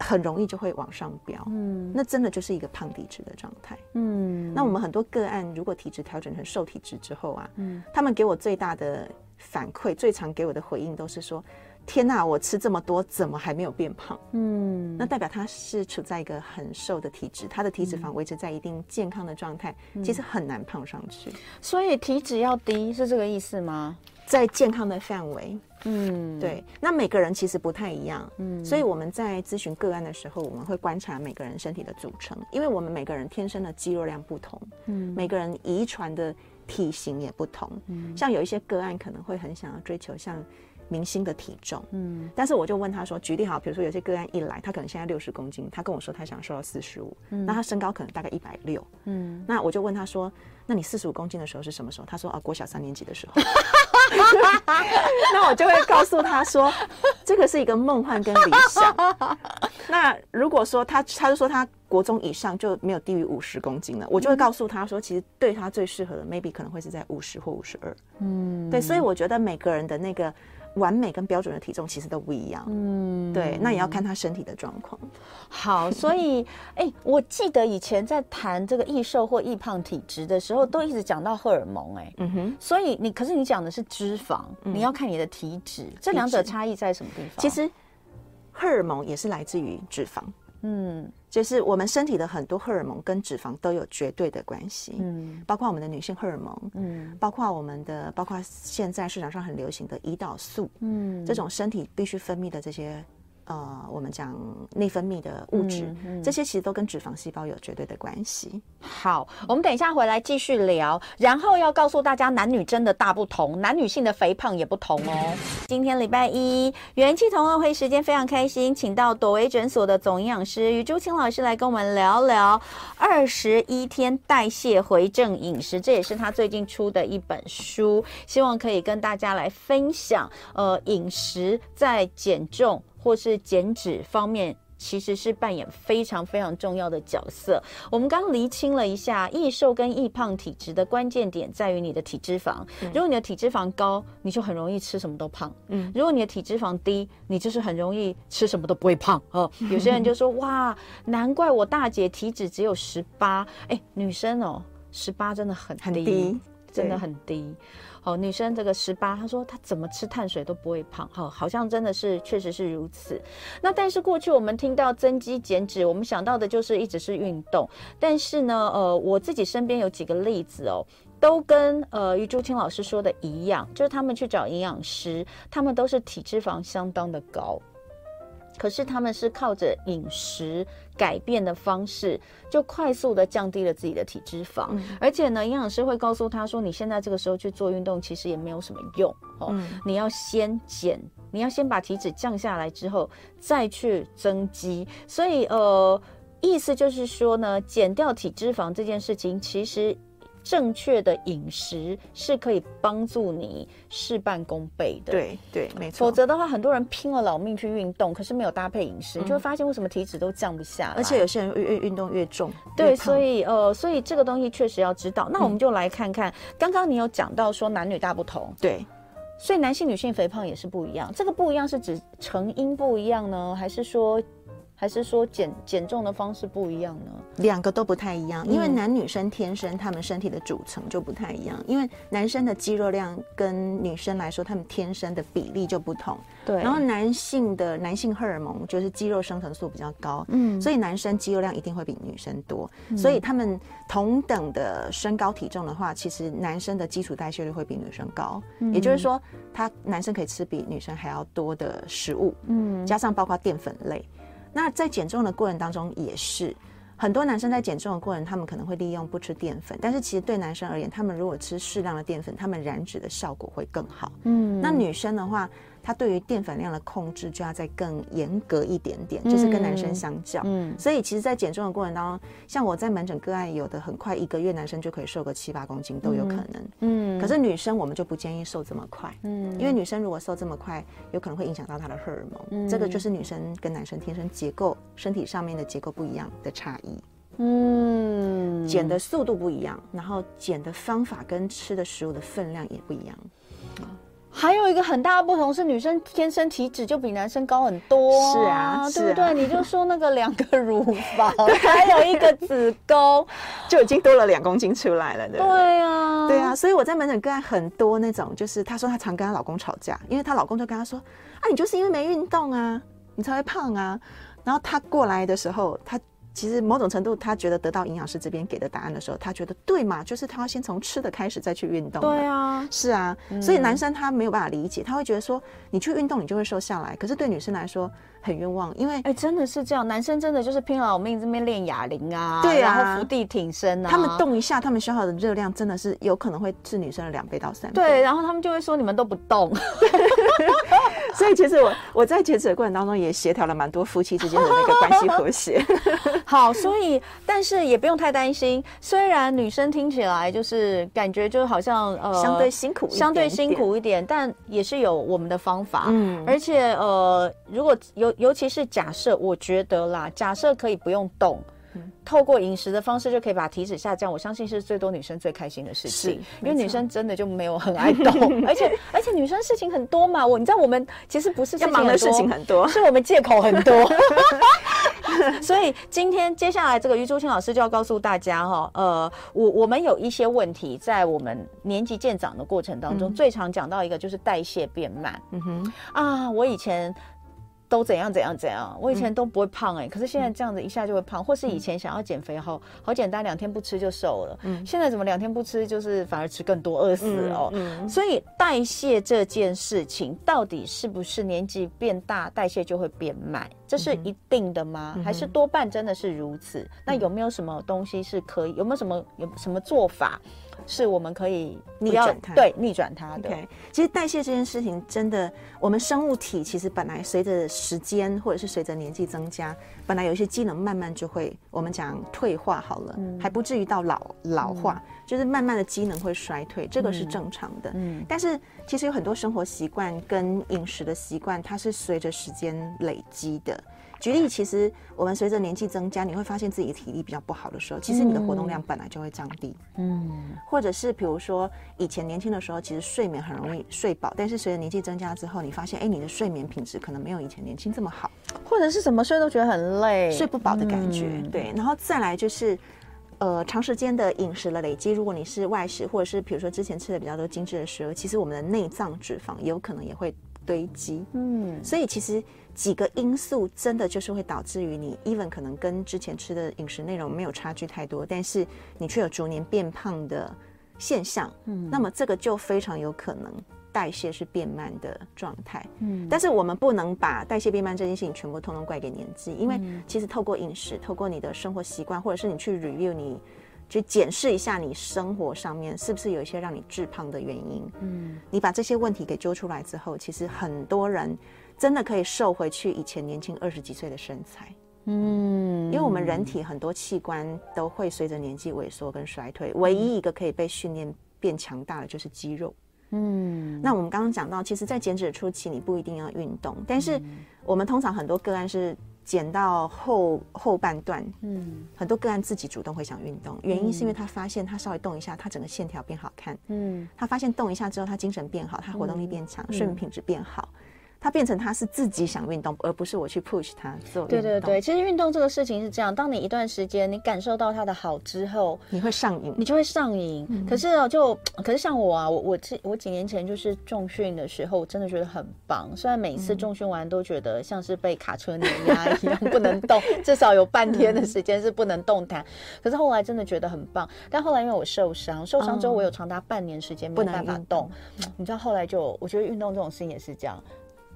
很容易就會往上飆，嗯，那真的就是一個胖體質的狀態，嗯，那我們很多個案如果體質調整成瘦體質之後啊，嗯，他們給我最大的反饋，最常給我的回應都是說。天吶、啊，我吃這麼多，怎麼還沒有變胖？嗯，那代表他是處在一個很瘦的體質，他的體脂肪維持在一定健康的狀態，嗯、其實很難胖上去。所以體脂要低，是這個意思嗎？在健康的範圍。嗯，對。那每個人其實不太一樣。嗯，所以我們在諮詢個案的時候，我們會觀察每個人身體的組成，因為我們每個人天生的肌肉量不同。嗯，每個人遺傳的體型也不同。嗯，像有一些個案可能會很想要追求像明星的體重，嗯，但是我就問他說，舉例好，比如說有些個案一來，他可能現在六十公斤，他跟我說他想瘦到四十五，嗯，那他身高可能大概一百六，嗯，那我就問他說，那你四十五公斤的時候是什麼時候？他說啊，國小三年級的時候，那我就會告訴他說， 這個是一個夢幻跟理想。 那如果說他，他就說他國中以上就沒有低於五十公斤了，嗯、我就會告訴他說，其實對他最適合的，maybe 可，可能會是在五十或五十二，嗯，對，所以我覺得每個人的那個。完美跟標準的體重其實都不一樣，嗯，對，那也要看他身體的狀況。好，所以，哎、欸，我記得以前在談這個易瘦或易胖體質的時候，都一直講到荷爾蒙、欸，哎、嗯哼，所以你，可是你講的是脂肪，嗯、哼，你要看你的體脂，體脂，這兩者差異在什麼地方？其實，荷爾蒙也是來自於脂肪，嗯。就是我們身體的很多荷爾蒙跟脂肪都有絕對的關係，嗯，包括我們的女性荷爾蒙，嗯，包括我們的，包括現在市場上很流行的胰島素，嗯，這種身體必須分泌的這些。呃，我們講內分泌的物質，嗯嗯、這些其實都跟脂肪細胞有絕對的關係。好，我們等一下回來繼續聊。然後要告訴大家，男女真的大不同，男女性的肥胖也不同哦。今天禮拜一元氣同樂會時間非常開心，請到朵薇診所的總營養師余朱青老師來跟我們聊聊二十一天代謝回正飲食，這也是他最近出的一本書，希望可以跟大家來分享。呃，飲食在減重或是減脂方面，其實是扮演非常非常重要的角色。我們剛剛釐清了一下易瘦跟易胖體質的關鍵點，在於你的體脂肪。如果你的體脂肪高，你就很容易吃什麼都胖。嗯，如果你的體脂肪低，你就是很容易吃什麼都不會胖。哦， 有些人就說：哇，難怪我大姐體脂只有十八。哎，女生哦，十八真的很很低，真的很低。很低好、哦，女生這個十八，她說她怎麼吃碳水都不會胖，哦、好像真的是確實是如此。那但是過去我們聽到增肌減脂，我們想到的就是一直是運動，但是呢，呃，我自己身邊有幾個例子哦，都跟呃余朱青老師說的一樣，就是他們去找營養師，他們都是體脂肪相當的高。可是他們是靠着飲食改變的方式，就快速的降低了自己的體脂肪，嗯、而且呢，營養師會告訴他說，你現在這個時候去做運動，其實也沒有什麼用哦，嗯、你要先減，你要先把體脂降下來之後，再去增肌。所以呃，意思就是說呢，減掉體脂肪這件事情，其實。正確的飲食是可以幫助你事半功倍的。對對，沒錯。否則的話，很多人拼了老命去運動，可是沒有搭配飲食，嗯、你就會發現為什麼體脂都降不下。而且有些人越運，運動越重。對，越胖。所以呃，所以這個東西確實要知道。那我們就來看看，嗯、剛剛你有講到說男女大不同。對，所以男性女性肥胖也是不一樣。這個不一樣是指成因不一樣呢，還是說？還是說，減減重的方式不一樣呢？兩個都不太一樣，因為男女生天生他們身體的組成就不太一樣，因為男生的肌肉量跟女生來說，他們天生的比例就不同。對，然後男性的男性荷爾蒙就是肌肉生成素比較高，嗯，所以男生肌肉量一定會比女生多，嗯，所以他們同等的身高體重的話，其實男生的基礎代謝率會比女生高，嗯，也就是說，他男生可以吃比女生還要多的食物，嗯，加上包括澱粉類。那在減重的過程當中，也是很多男生在減重的過程，他們可能會利用不吃澱粉。但是其實對男生而言，他們如果吃適量的澱粉，他們燃脂的效果會更好。嗯，那女生的話。它對於澱粉量的控制就要再更嚴格一點點，嗯、就是跟男生相較。嗯，嗯，所以其實，在減重的過程當中，像我在門診個案，有的很快一個月，男生就可以瘦個七八公斤都有可能。嗯，可是女生我們就不建議瘦這麼快。嗯，因為女生如果瘦這麼快，有可能會影響到她的荷爾蒙。嗯、這個就是女生跟男生天生結構、身體上面的結構不一樣的差異。嗯，減的速度不一樣，然後減的方法跟吃的食物的分量也不一樣。嗯還有一個很大的不同是，女生天生體脂就比男生高很多，啊是啊。是啊，對不對？啊，你就說那個兩個乳房，對， 還有一個子宮，就已經多了兩公斤出來了，對不對？對啊，對啊。所以我在門診看很多那種，就是她說她常跟她老公吵架，因為她老公就跟她說：“啊，你就是因為沒運動啊，你才會胖啊。”然後她過來的時候，她。其實某種程度，他覺得得到營養師這邊給的答案的時候，他覺得對嘛？就是他要先從吃的開始，再去運動。對啊，是啊。嗯、所以男生他沒有辦法理解，他會覺得說，你去運動你就會瘦下來。可是對女生來說很冤枉，因為哎、欸、真的是這樣，男生真的就是拼了老命這邊練啞鈴啊，對啊，然後伏地挺身啊，他們動一下，他們消耗的熱量真的是有可能會是女生的兩倍到三倍。對，然後他們就會說你們都不動。 所以其實我我在節制的過程當中也協調了蠻多夫妻之間的那個關係和諧。 好，所以但是也不用太擔心，雖然女生聽起來就是感覺就好像呃相對辛苦，相對辛苦一點，但也是有我們的方法，嗯、而且呃如果尤尤其是假設，我覺得啦，假設可以不用動，透過飲食的方式就可以把體脂下降，我相信是最多女生最開心的事情，因為女生真的就沒有很愛動， 而且而且女生事情很多嘛，我你知道我們其實不是要忙的事情很多，是我們借口很多。所以今天接下來這個余朱青老師就要告訴大家哈、哦，呃，我我們有一些問題，在我們年紀漸長的過程當中，嗯、最常講到一個就是代謝變慢。嗯哼，啊，我以前都怎樣怎樣怎樣？我以前都不會胖哎、欸，嗯、可是現在這樣子一下就會胖，嗯、或是以前想要減肥後好簡單，兩天不吃就瘦了。嗯，現在怎麼兩天不吃就是反而吃更多，餓死哦。嗯，嗯，所以代謝這件事情到底是不是年紀變大代謝就會變慢，這是一定的嗎？嗯、還是多半真的是如此？嗯、那有沒有什麼東西是可以？有沒有什麼有什麼做法？是我們可以逆轉它，對，逆轉它的。對，Okay. 其實代謝這件事情，真的，我們生物體其實本來隨着時間或者是隨着年紀增加，本來有一些機能慢慢就會，我們講退化好了，嗯、還不至於到老老化，嗯、就是慢慢的機能會衰退，這個是正常的。嗯，但是其實有很多生活習慣跟飲食的習慣，它是隨着時間累積的。舉例，其實我們隨着年紀增加，你會發現自己的體力比較不好的時候，其實你的活動量本來就會降低。嗯，或者是比如說以前年輕的時候，其實睡眠很容易睡飽，但是隨着年紀增加之後，你發現哎、欸，你的睡眠品質可能沒有以前年輕這麼好，或者是什麼睡都覺得很累，睡不飽的感覺。對，然後再來就是，呃，長時間的飲食的累積，如果你是外食，或者是比如說之前吃的比較多精緻的食物，其實我們的內臟脂肪有可能也會。堆積，嗯，所以其實幾個因素真的就是會導致於你，even 可能跟之前吃的飲食內容沒有差距太多，但是你卻有逐年變胖的現象，嗯，那麼這個就非常有可能代謝是變慢的狀態，嗯，但是我們不能把代謝變慢這件事情全部通通怪給年紀，因為其實透過飲食、透過你的生活習慣，或者是你去 review 你。去檢視一下你生活上面是不是有一些讓你致胖的原因？嗯，你把這些問題給揪出來之後，其實很多人真的可以瘦回去以前年輕二十幾歲的身材。嗯，因為我們人體很多器官都會隨着年紀萎縮跟衰退，嗯，唯一一個可以被訓練變強大的就是肌肉。嗯，那我們剛剛講到，其實在減脂初期你不一定要運動，但是我們通常很多個案是。減到後後半段，嗯，很多個案自己主動會想運動，原因是因為他發現他稍微動一下，嗯、他整個線條變好看，嗯，他發現動一下之後，他精神變好，嗯、他活動力變強，睡眠、嗯、品質變好。它變成它是自己想運動，而不是我去 push 它做運動。對對對，其實運動這個事情是這樣，當你一段時間你感受到它的好之後，你會上癮，你就會上癮。嗯、可是、喔、就可是像我啊，我我幾我幾年前就是重訓的時候，我真的覺得很棒。雖然每次重訓完都覺得像是被卡車碾壓一樣，嗯、 不能動，至少有半天的時間是不能動彈。嗯、可是後來真的覺得很棒。但後來因為我受傷，受傷之後我有長達半年時間沒辦法動。嗯嗯、你知道後來就我覺得運動這種事情也是這樣。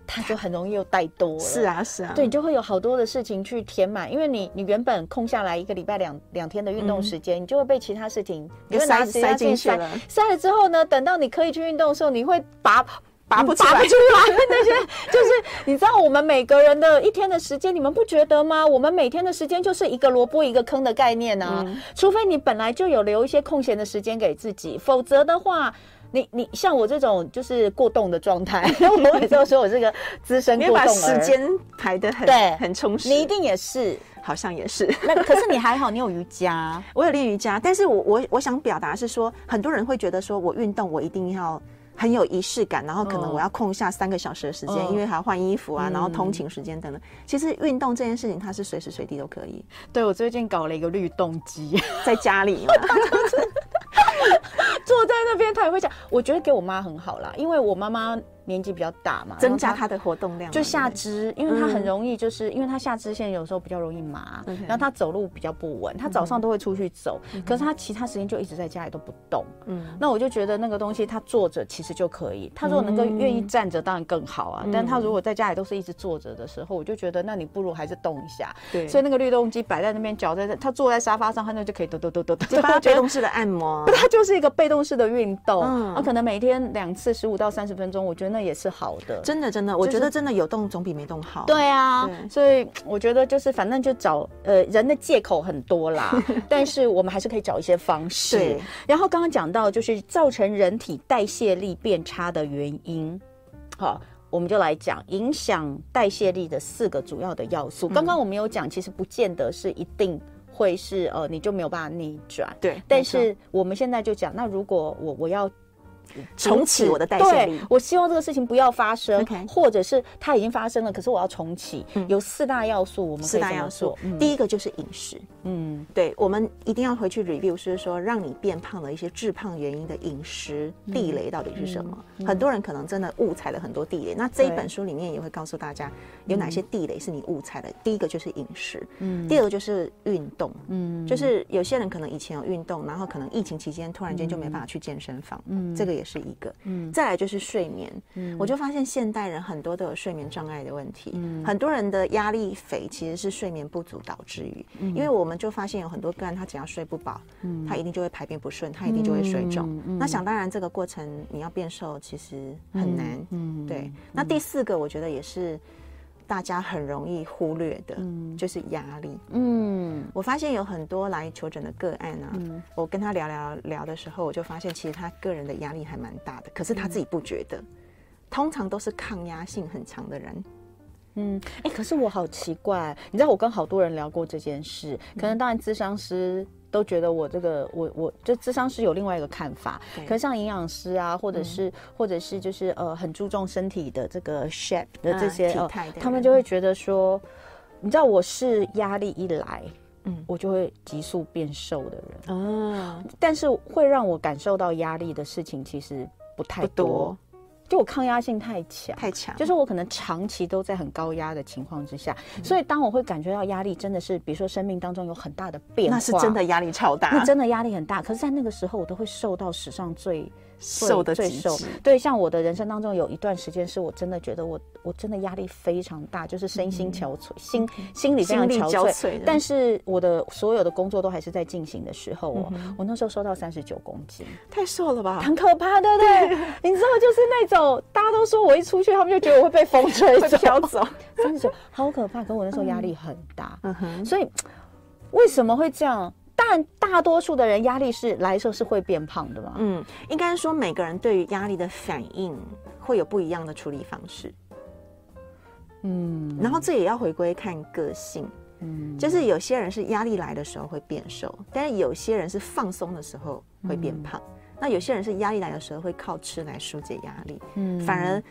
他就很容易又帶多了。是啊，是啊是啊，對，你就會有好多的事情去填滿，因為你你原本空下來一個禮拜兩兩天的運動時間，嗯、你就會被其他事情，殺事情塞塞進去了，塞了之後呢，等到你可以去運動的時候，你會拔不拔不出來，拔不出來那些， 就是你知道我們每個人的一天的時間，你們不覺得嗎？我們每天的時間就是一個蘿蔔一個坑的概念啊，嗯、除非你本來就有留一些空閒的時間給自己，否則的話。你你像我這種就是過動的狀態， 我朋友就說我這個資深過動。你會把時間排的很對，很充實。你一定也是，好像也是。那個、可是你還好，你有瑜伽， 我有練瑜伽。但是我我我想表達是說，很多人會覺得說，我運動我一定要很有儀式感，然後可能我要空下三個小時的時間，Oh. 因為還要換衣服啊，Oh. 然後通勤時間等等。其實運動這件事情，它是隨時隨地都可以。對，我最近搞了一個律動機， 在家裡嘛。 坐在那邊，他也會講。我覺得給我媽很好啦，因為我媽媽。年紀比較大嘛，增加他的活動量，就下肢，因為他很容易就是因為他下肢現在有時候比較容易麻，然後他走路比較不穩，他早上都會出去走，可是他其他時間就一直在家裡都不動。嗯，那我就覺得那個東西他坐着其實就可以，他如果能夠願意站着當然更好啊，但是他如果在家裡都是一直坐着的時候，我就覺得那你不如還是動一下。對，所以那個律動機擺在那邊，腳在，他坐在沙發上，他那就可以咚咚咚咚，被動式的按摩。他就是一個被動式的運動，那可能每天兩次，十五到三十分鐘，我覺得。那也是好的，真的真的，就是，我覺得真的有動總比沒動好。對啊，對所以我覺得就是反正就找呃人的借口很多啦， 但是我們還是可以找一些方式。對然後剛剛講到就是造成人體代謝力變差的原因，好，我們就來講影響代謝力的四個主要的要素。剛剛、嗯、我們有講，其實不見得是一定會是呃你就沒有辦法逆轉。對。但是沒錯我們現在就講，那如果我我要。重啟我的代謝力，我希望這個事情不要發生，或者是它已經發生了，可是我要重啟。有四大要素，我們四大要素，第一個就是飲食，嗯，對我們一定要回去 review，就是說讓你變胖的一些致胖原因的飲食地雷到底是什麼？很多人可能真的誤踩了很多地雷。那這一本書裡面也會告訴大家有哪些地雷是你誤踩的。第一個就是飲食，嗯，第二個就是運動，嗯，就是有些人可能以前有運動，然後可能疫情期間突然間就沒辦法去健身房，嗯，這個。也是一個，嗯，再來就是睡眠，嗯，我就發現現代人很多都有睡眠障礙的問題，嗯，很多人的壓力肥其實是睡眠不足導致於，嗯，因為我們就發現有很多個案他只要睡不飽，嗯、他一定就會排便不順，他一定就會水腫，嗯嗯嗯、那想當然這個過程你要變瘦其實很難，嗯，嗯對，那第四個我覺得也是。大家很容易忽略的，嗯、就是壓力。嗯，我發現有很多來求診的個案啊，嗯、我跟他聊聊聊的時候，我就發現其實他個人的壓力還蠻大的，可是他自己不覺得。嗯、通常都是抗壓性很強的人。嗯，哎、欸，可是我好奇怪，你知道我跟好多人聊過這件事，可能當然諮商師。都覺得我這個我我就智商是有另外一個看法，對可是像營養師啊，或者是、嗯、或者是就是呃很注重身體的這個 shape 的這些，啊哦、他們就會覺得說，嗯、你知道我是壓力一來，嗯，我就會急速變瘦的人，嗯，但是會讓我感受到壓力的事情其實不太多。因為我抗壓性太強，太強，就是我可能長期都在很高壓的情況之下，嗯、所以當我會感覺到壓力，真的是，比如說生命當中有很大的變化，那是真的壓力超大，那真的壓力很大。可是，在那個時候，我都會受到史上最。瘦的最瘦，對，像我的人生當中有一段時間是我真的覺得我我真的壓力非常大，就是身心憔悴，嗯、心心裡非常憔悴，憔悴，但是我的所有的工作都還是在進行的時候、哦，我、嗯、哼我那時候瘦到三十九公斤，太瘦了吧，很可怕，對不對？對，你知道，就是那種大家都說我一出去，他們就覺得我會被風吹飄走，三十九，39，好可怕。可我那時候壓力很大，嗯，嗯哼，所以為什麼會這樣？但大多數的人壓力是來的時候是會變胖的吧？嗯，應該說每個人對於壓力的反應會有不一樣的處理方式。嗯，然後這也要回歸看個性。嗯，就是有些人是壓力來的時候會變瘦，但是有些人是放鬆的時候會變胖。嗯，那有些人是壓力來的時候會靠吃來疏解壓力。嗯，反而。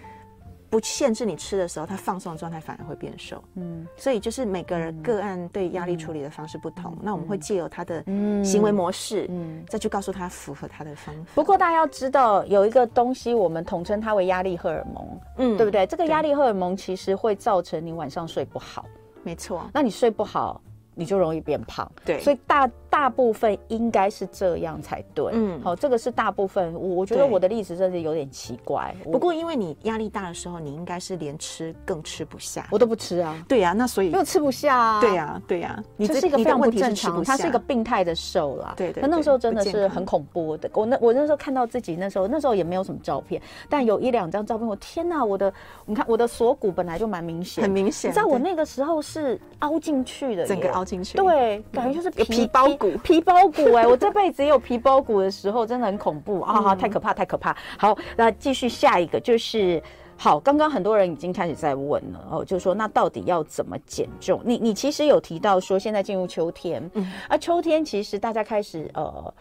不限制你吃的時候，他放鬆的狀態反而會變瘦。嗯，所以就是每個人個案對壓力處理的方式不同，嗯、那我們會借由他的行為模式，嗯，再去告訴他符合他的方法。不過大家要知道，有一個東西，我們統稱它為壓力荷爾蒙，嗯，對不對？這個壓力荷爾蒙其實會造成你晚上睡不好。沒錯，那你睡不好。你就容易變胖，對，所以大大部分應該是這樣才對。嗯，好，這個是大部分。我我覺得我的例子真是有點奇怪。不過因為你壓力大的時候，你應該是連吃更吃不下。我都不吃啊。對呀，那所以又吃不下。對呀，對呀，這是一個非常不正常，他是一個病態的瘦啦。對。對，那時候真的是很恐怖的。我那我那時候看到自己那時候，那時候也沒有什麼照片，但有一兩張照片，我天哪，我的，你看我的鎖骨本來就蠻明顯，很明顯。你知道我那個時候是凹進去的，整個凹。對，嗯、感覺就是皮，皮包骨，皮，皮包骨哎、欸！ 我這輩子也有皮包骨的時候，真的很恐怖啊、 哦，太可怕，太可怕。好，那繼續下一個，就是好，剛剛很多人已經開始在問了，哦，就是說那到底要怎麼減重？你你其實有提到說現在進入秋天，嗯、啊，秋天其實大家開始呃。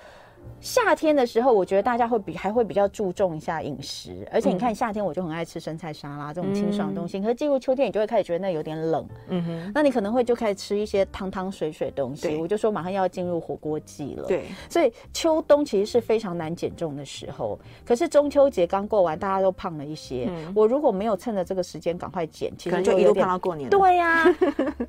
夏天的時候，我覺得大家會比還會比較注重一下飲食，而且你看夏天我就很愛吃生菜沙拉這種清爽的東西。可是進入秋天，你就會開始覺得那有點冷。嗯哼。那你可能會就開始吃一些湯湯水水的東西。我就說馬上要進入火鍋季了。對。所以秋冬其實是非常難減重的時候。可是中秋節剛過完，大家都胖了一些。嗯。我如果沒有趁着這個時間趕快減，其實就一路胖到過年。對呀、啊。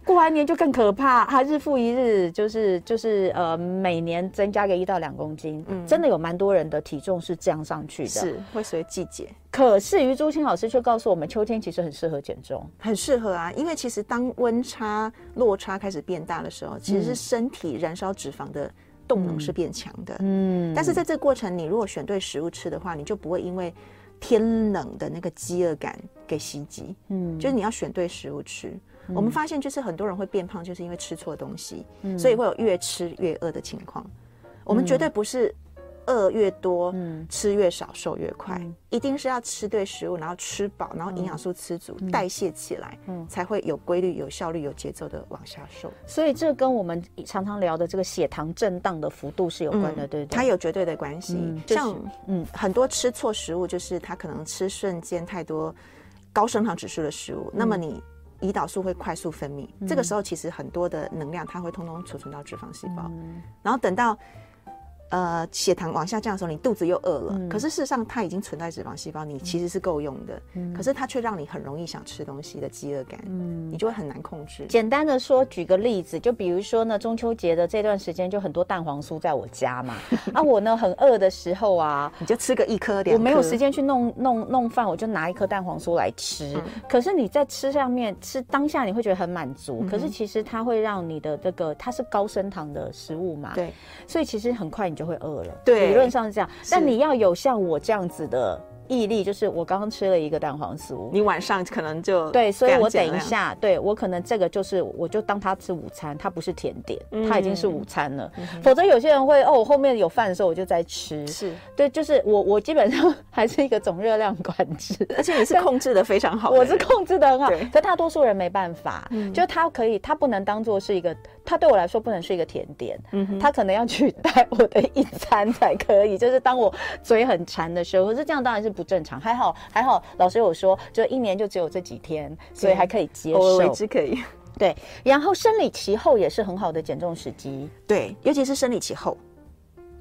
過完年就更可怕、啊，它日復一日，就是就是呃，每年增加個一到兩公斤。嗯，真的有蠻多人的體重是這樣上去的，是會隨季節。可是余朱青老師卻告訴我們，秋天其實很適合減重，很適合啊。因為其實當溫差落差開始變大的時候，其實是身體燃燒脂肪的動能是變強的。嗯，嗯，但是在這個過程，你如果選對食物吃的話，你就不會因為天冷的那個飢餓感給襲擊。嗯，就是你要選對食物吃。嗯、我們發現，就是很多人會變胖，就是因為吃錯東西，嗯、所以會有越吃越餓的情況。我們絕對不是餓越多嗯，吃越少瘦越快，一定是要吃對食物，然後吃飽，然後營養素吃足，代謝起來，嗯，才會有規律、有效率、有節奏的往下瘦。所以這跟我們常常聊的這個血糖震盪的幅度是有關的，對對，它有絕對的關係。像嗯，很多吃錯食物，就是他可能吃瞬間太多高升糖指數的食物，那麼你胰島素會快速分泌，這個時候其實很多的能量它會通通儲存到脂肪細胞，嗯，然後等到。呃，血糖往下降的時候，你肚子又餓了。嗯、可是事實上，它已經存在脂肪細胞，你其實是夠用的。嗯。可是它卻讓你很容易想吃東西的飢餓感。嗯。你就會很難控制。簡單的說，舉個例子，就比如說呢，中秋節的這段時間，就很多蛋黃酥在我家嘛。 啊，我呢很餓的時候啊，你就吃個一顆兩顆。我沒有時間去弄弄弄飯，我就拿一顆蛋黃酥來吃。嗯、可是你在吃上面吃當下，你會覺得很滿足。嗯、哼可是其實它會讓你的這個，它是高升糖的食物嘛。對。所以其實很快你就。會餓了，對，理論上是這樣。對但你要有像我這樣子的毅力，就是我剛剛吃了一個蛋黃酥，你晚上可能就對，所以我等一下，對我可能這個就是我就當它吃午餐，它不是甜點，它已經是午餐了。否則有些人會哦，我後面有飯的時候我就在吃，是對，就是我我基本上還是一個總熱量管制，而且你是控制的非常好，我是控制的很好，可大多數人沒辦法，就他可以他不能當做是一個，他對我來說不能是一個甜點，他可能要取代我的一餐才可以，就是當我嘴很饞的時候，我是這樣，當然是。不正常，還好還好，老師有說，就一年就只有這幾天，對所以還可以接受，偶爾為之可以。對，然後生理期後也是很好的減重時機，對，尤其是生理期後。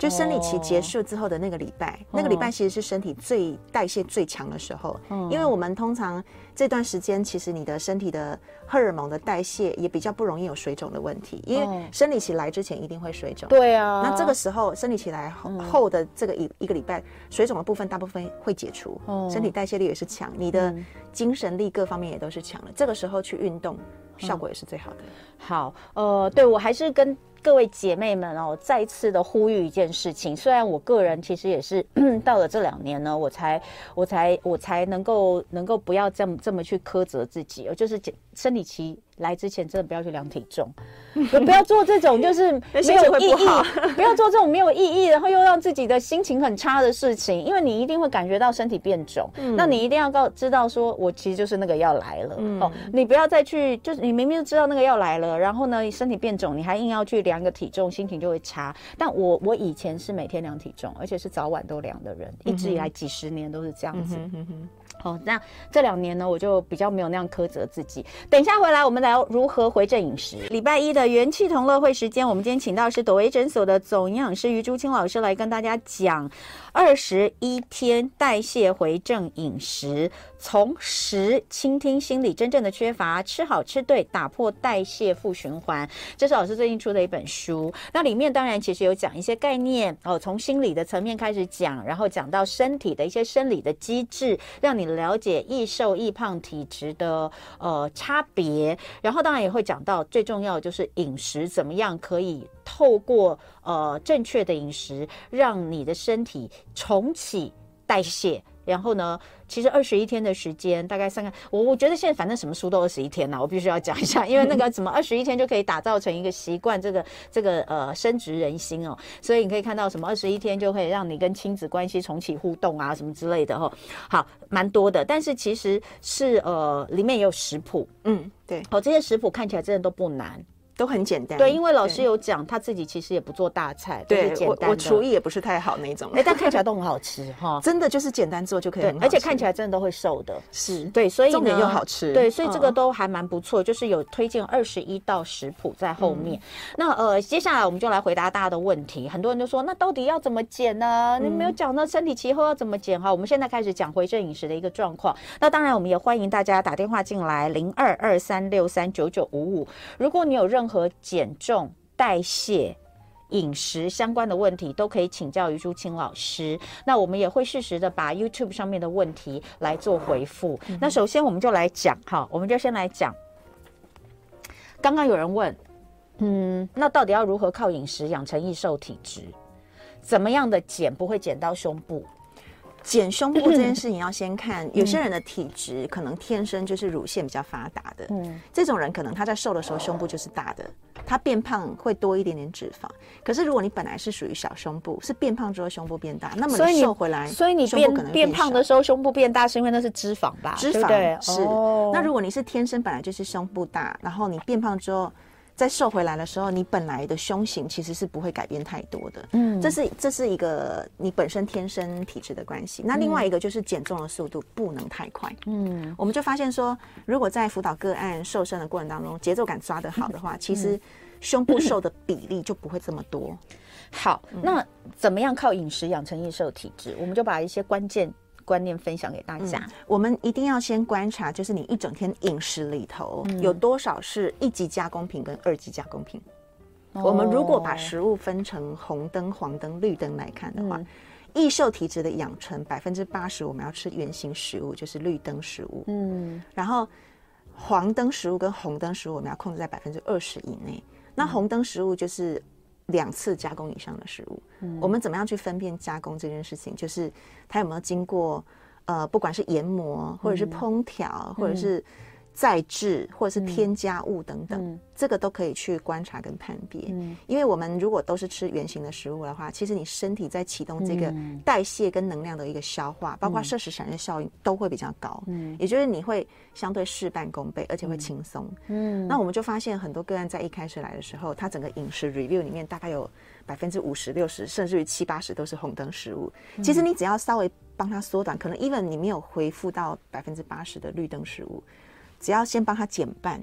就生理期結束之後的那個禮拜，哦嗯、那個禮拜其實是身體最代謝最強的時候，嗯、因為我們通常這段時間，其實你的身體的荷爾蒙的代謝也比較不容易有水腫的問題，因為生理期來之前一定會水腫，對啊、嗯，那這個時候生理期來後，嗯、後的這個一一個禮拜，水腫的部分大部分會解除，嗯、身體代謝力也是強，你的精神力各方面也都是強了，這個時候去運動效果也是最好的。嗯、好，呃，對我還是跟。各位姐妹們哦，再次的呼籲一件事情。雖然我個人其實也是 到了這兩年呢，我才、我才、我才能夠能夠不要這麼這麼去苛責自己哦，就是生理期來之前，真的不要去量體重， 不要做這種就是沒有意義，不， 不要做這種沒有意義，然後又讓自己的心情很差的事情，因為你一定會感覺到身體變腫，嗯、那你一定要告知道說，我其實就是那個要來了、嗯、哦，你不要再去，就是你明明就知道那個要來了，然後呢身體變腫，你還硬要去量一個體重，心情就會差。但我我以前是每天量體重，而且是早晚都量的人，一直以來幾十年都是這樣子。嗯好、哦，那這兩年呢，我就比較沒有那樣苛責自己。等一下回來，我們來聊如何回正飲食。禮拜一的元氣同樂會時間，我們今天請到是朵薇診所的總營養師余朱青老師來跟大家講二十一天代謝回正飲食。從食傾聽心理真正的缺乏，吃好吃對，打破代謝負循環，這是老師最近出的一本書。那裡面當然其實有講一些概念哦，呃，從心理的層面開始講，然後講到身體的一些生理的機制，讓你了解易瘦易胖體質的呃差別。然後當然也會講到最重要就是飲食怎麼樣可以透過呃正確的飲食，讓你的身體重啟代謝。然後呢，其實二十一天的時間，大概三個，我我覺得現在反正什麼書都二十一天了，啊，我必須要講一下，因為那個什麼二十一天就可以打造成一個習慣，這個這個呃，深植人心哦。所以你可以看到什麼二十一天就可以讓你跟親子關係重啟互動啊，什麼之類的哈，哦。好，蠻多的，但是其實是呃，裡面也有食譜，嗯，對，好，哦，這些食譜看起來真的都不難。都很簡單，對，因為老師有講，他自己其實也不做大菜，對，我我廚藝也不是太好那種，哎，但看起來都很好吃哈，真的就是簡單做就可以，而且看起來真的都會瘦的，是對，所以重點又好吃，對，所以這個都還蠻不錯，就是有推薦二十一道食譜在後面。那呃，接下來我們就來回答大家的問題，很多人就說那到底要怎麼減呢？你沒有講到身體氣候要怎麼減哈？我們現在開始講回正飲食的一個狀況。那當然，我們也歡迎大家打電話進來零二二三六三九九五五，如果你有任何和減重、代謝、飲食相關的問題，都可以請教余朱青老師。那我們也會適時的把 YouTube 上面的問題來做回復。嗯、哼那首先我們就來講哈，我們就先來講，剛剛有人問，嗯，那到底要如何靠飲食養成易瘦體質？怎麼樣的減不會減到胸部？減胸部這件事情要先看、嗯、有些人的體質，可能天生就是乳腺比較發達的，嗯，這種人可能他在瘦的時候胸部就是大的，哦、他變胖會多一點點脂肪。可是如果你本來是屬於小胸部，是變胖之後胸部變大，那麼你瘦回來，所以，你所以你變胸部可能變，變胖的時候胸部變大是因為那是脂肪吧？脂肪對對是。哦、那如果你是天生本來就是胸部大，然後你變胖之後。在瘦回來的時候，你本來的胸型其實是不會改變太多的。嗯，這是這是一個你本身天生體質的關係。那另外一個就是減重的速度不能太快。嗯，我們就發現說，如果在輔導個案瘦身的過程當中，節奏感抓得好的話，嗯嗯、其實胸部瘦的比例就不會這麼多。嗯、好，那怎麼樣靠飲食養成易瘦體質？我們就把一些關鍵。觀念分享給大家、嗯，我們一定要先觀察，就是你一整天飲食裡頭、嗯、有多少是一級加工品跟二級加工品。哦、我們如果把食物分成紅燈、黃燈、綠燈來看的話，易瘦、嗯、體質的養成，百分之八十我們要吃原型食物，就是綠燈食物。嗯，然後黃燈食物跟紅燈食物我們要控制在百分之二十以內。那紅燈食物就是兩次加工以上的食物，嗯、我們怎麼樣去分辨加工這件事情？就是它有沒有經過呃，不管是研磨，或者是烹調，嗯、或者是，再制或者是添加物等等，嗯嗯、這個都可以去觀察跟判別。嗯，因為我們如果都是吃原型的食物的話，其實你身體在啟動這個代謝跟能量的一個消化，嗯、包括攝食產熱效應都會比較高。嗯，也就是你會相對事半功倍，而且會輕鬆。嗯，那我們就發現很多個案在一開始來的時候，它整個飲食 review 裡面大概有百分之五十六十，甚至於七八十都是紅燈食物。其實你只要稍微幫它縮短，可能 even 你沒有回復到百分之八十的綠燈食物。只要先幫他減半，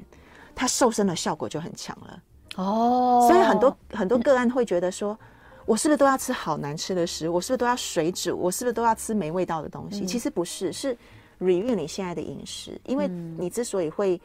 他瘦身的效果就很強了。哦，所以很多很多個案會覺得說，嗯、我是不是都要吃好難吃的食物？我是不是都要水煮？我是不是都要吃沒味道的東西？嗯、其實不是，是 review 你現在的飲食，因為你之所以會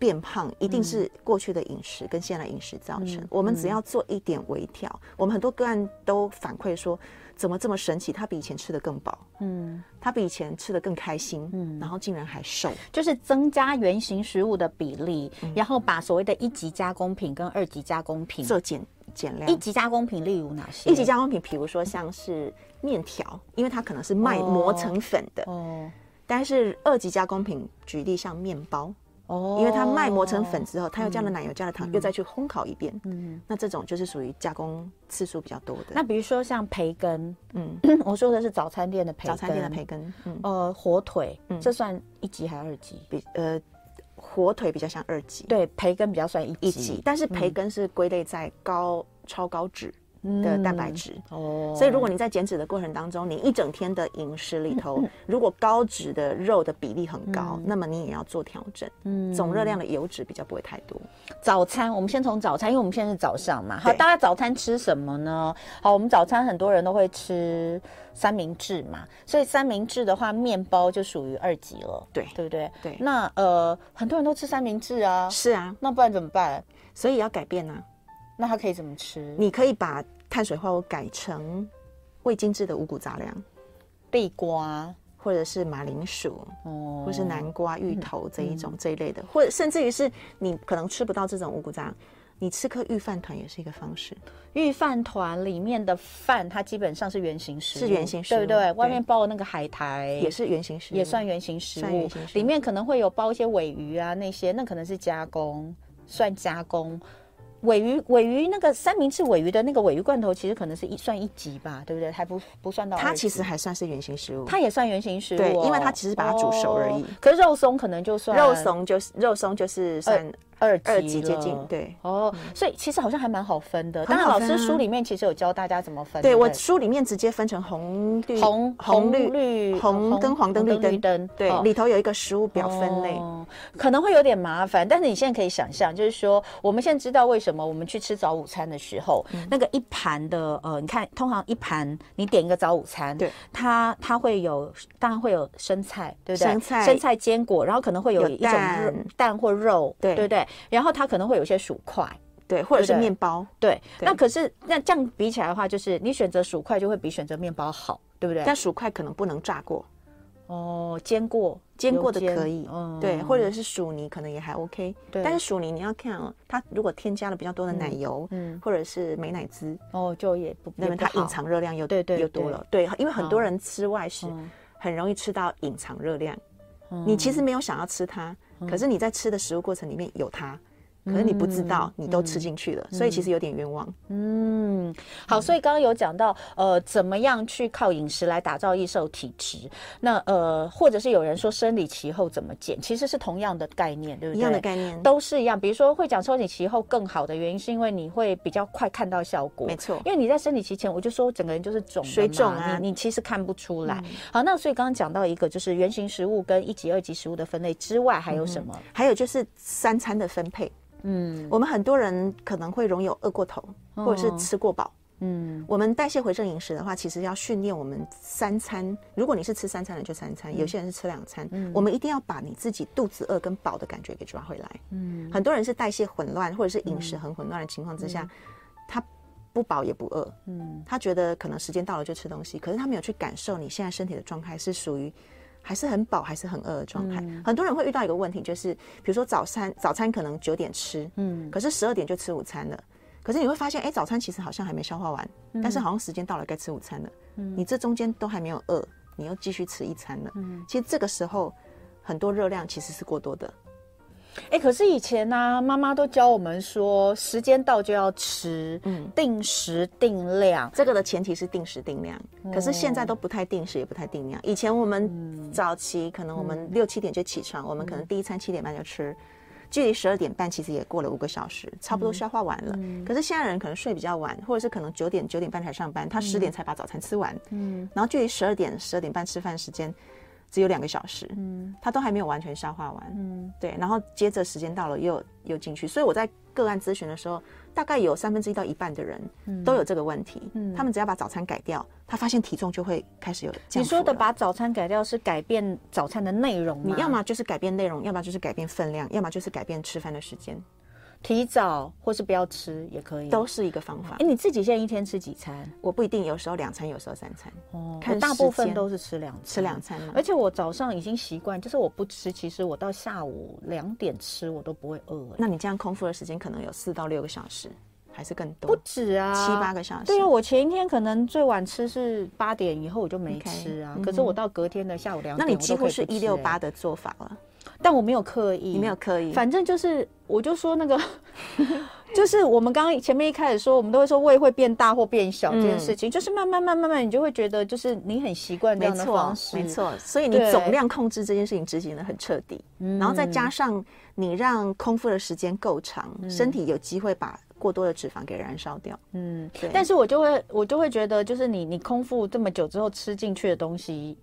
變胖，嗯、一定是過去的飲食跟現在的飲食造成。嗯嗯、我們只要做一點微調，我們很多個案都反饋說。怎麼這麼神奇？他比以前吃得更飽，嗯，他比以前吃得更開心，嗯，然後竟然還瘦，就是增加原型食物的比例，嗯、然後把所謂的一級加工品跟二級加工品做減減量。一級加工品例如哪些？一級加工品，比如說像是麵條，嗯、因為它可能是麥磨成粉的，哦，哦，但是二級加工品，舉例像麵包。哦，oh, 因為它麥磨成粉之後，它又加了奶油，嗯、加了糖，又再去烘烤一遍，嗯，那這種就是屬於加工次數比較多的。那比如說像培根，嗯，我說的是早餐店的培根，早餐店的培根，嗯、呃，火腿，嗯、這算一級還是二級？比呃，火腿比較像二級，對，培根比較算一級，但是培根是歸類在高、嗯、超高脂的蛋白質哦，所以如果你在減脂的過程當中，你一整天的飲食裡頭，如果高脂的肉的比例很高，那麼你也要做調整，嗯，總熱量的油脂比較不會太多。早餐我們先從早餐，因為我們現在是早上嘛，好，大家早餐吃什麼呢？好，我們早餐很多人都會吃三明治嘛，所以三明治的話，麵包就屬於二級了，對，對不對？對，那呃，很多人都吃三明治啊，是啊，那不然怎麼辦？所以要改變呢，啊，那它可以怎麼吃？你可以把。碳水化物，改成未精緻的五穀雜糧，地瓜或者是馬鈴薯，哦，或是南瓜、芋頭、嗯、這一種、嗯、這一類的，或者甚至於是你可能吃不到這種五穀雜糧，你吃顆御飯糰也是一個方式。御飯糰裡面的飯它基本上是原型食，是原型食，對不對？對，外面包的那個海苔也是原型食，也算原型食物。裡面可能會有包一些鮪魚啊那些，那可能是加工，算加工。鮪魚，鮪魚那個三明治，鮪魚的那個鮪魚罐頭，其實可能是一算一級吧，對不對？還不不算到它其實還算是原型食物，它也算原型食物，哦，對，因為它只是把它煮熟而已。哦，可是肉鬆可能就算肉鬆就是肉鬆就是算，呃。二級接近，對哦，所以其實好像還蠻好分的。當然，老師書裡面其實有教大家怎麼分。對，我書裡面直接分成紅綠紅紅綠綠紅燈黃燈綠燈。對，裡頭有一個食物表分類，可能會有點麻煩。但是你現在可以想象，就是說我們現在知道為什麼我們去吃早午餐的時候，那個一盤的呃，你看通常一盤你點一個早午餐，對，它它會有當然會有生菜，對不對？生菜、生菜、堅果，然後可能會有一種蛋或肉，對，對不對？然後它可能會有一些薯塊，對，或者是麵包，對。那可是那這樣比起來的話，就是你選擇薯塊就會比選擇麵包好，對不對？但薯塊可能不能炸過，哦，煎過煎過的可以，對，或者是薯泥可能也還 OK。但是薯泥你要看哦，它如果添加了比較多的奶油，嗯，或者是美乃滋，哦，就也不那麼它隱藏熱量又對又多了，對，因為很多人吃外食很容易吃到隱藏熱量，你其實沒有想要吃它。可是你在吃的食物過程裡面有它。可是你不知道，嗯、你都吃進去了，嗯、所以其實有點冤枉。嗯，好，所以剛剛有講到，呃，怎麼樣去靠飲食來打造易瘦體質？那呃，或者是有人說生理期後怎麼減，其實是同樣的概念，對不對？一樣的概念，都是一樣。比如說會講說生理期後更好的原因，是因為你會比較快看到效果。沒錯，因為你在生理期前，我就說整個人就是腫，水腫啊，你你其實看不出來。嗯、好，那所以剛剛講到一個就是原型食物跟一級、二級食物的分類之外，還有什麼？嗯、還有就是三餐的分配。嗯，我們很多人可能會容易餓過頭，哦、或者是吃過飽。嗯，我們代謝回正飲食的話，其實要訓練我們三餐。如果你是吃三餐的，就三餐；嗯、有些人是吃兩餐，嗯、我們一定要把你自己肚子餓跟飽的感覺給抓回來。嗯，很多人是代謝混亂，或者是飲食很混亂的情況之下，嗯、他不飽也不餓。嗯，他覺得可能時間到了就吃東西，可是他沒有去感受你現在身體的狀態是屬於。還是很飽，還是很餓的狀態。嗯、很多人會遇到一個問題，就是比如說早餐，早餐可能九點吃，嗯，可是十二點就吃午餐了。可是你會發現，哎、欸，早餐其實好像還沒消化完，嗯、但是好像時間到了該吃午餐了。嗯、你這中間都還沒有餓，你又繼續吃一餐了。嗯、其實這個時候，很多熱量其實是過多的。誒，可是以前呢、啊，媽媽都教我們說，時間到就要吃，嗯，定時定量，這個的前提是定時定量。哦、可是現在都不太定時，也不太定量。以前我們早期可能我們六七點就起床，嗯、我們可能第一餐七點半就吃，嗯、距離十二點半其實也過了五個小時，差不多消化完了。嗯嗯、可是現在人可能睡比較晚，或者是可能九點九點半才上班，他十點才把早餐吃完，嗯，然後距離十二點十二點半吃飯時間。只有兩個小時，嗯，他都還沒有完全消化完，嗯，對，然後接着時間到了又又進去，所以我在個案諮詢的時候，大概有三分之一到一半的人都有這個問題，嗯，嗯，他們只要把早餐改掉，他發現體重就會開始有。你說的把早餐改掉是改變早餐的內容嗎？你要麼就是改變內容，要麼就是改變分量，要麼就是改變吃飯的時間。提早或是不要吃也可以、啊，都是一個方法。哎、嗯欸，你自己現在一天吃幾餐？我不一定，有時候兩餐，有時候三餐。哦，看我大部分都是吃兩吃兩餐嘛、啊。而且我早上已經習慣，就是我不吃，其實我到下午兩點吃，我都不會餓、欸。那你這樣空腹的時間可能有四到六個小時，還是更多？不止啊，七八個小時。對啊，我前一天可能最晚吃是八點以後，我就沒吃啊。Okay, 嗯、可是我到隔天的下午兩點，那你幾乎是一六八的做法了。欸但我沒有刻意，你沒有刻意，反正就是，我就說那個， 就是我們剛剛前面一開始說，我們都會說胃會變大或變小這件事情，嗯、就是慢慢慢慢慢，你就會覺得就是你很習慣這樣的方式，沒錯，所以你總量控制這件事情執行得很徹底，對然後再加上你讓空腹的時間夠長，嗯、身體有機會把過多的脂肪給燃燒掉，嗯，對，但是我就會我就會覺得，就是你你空腹這麼久之後吃進去的東西。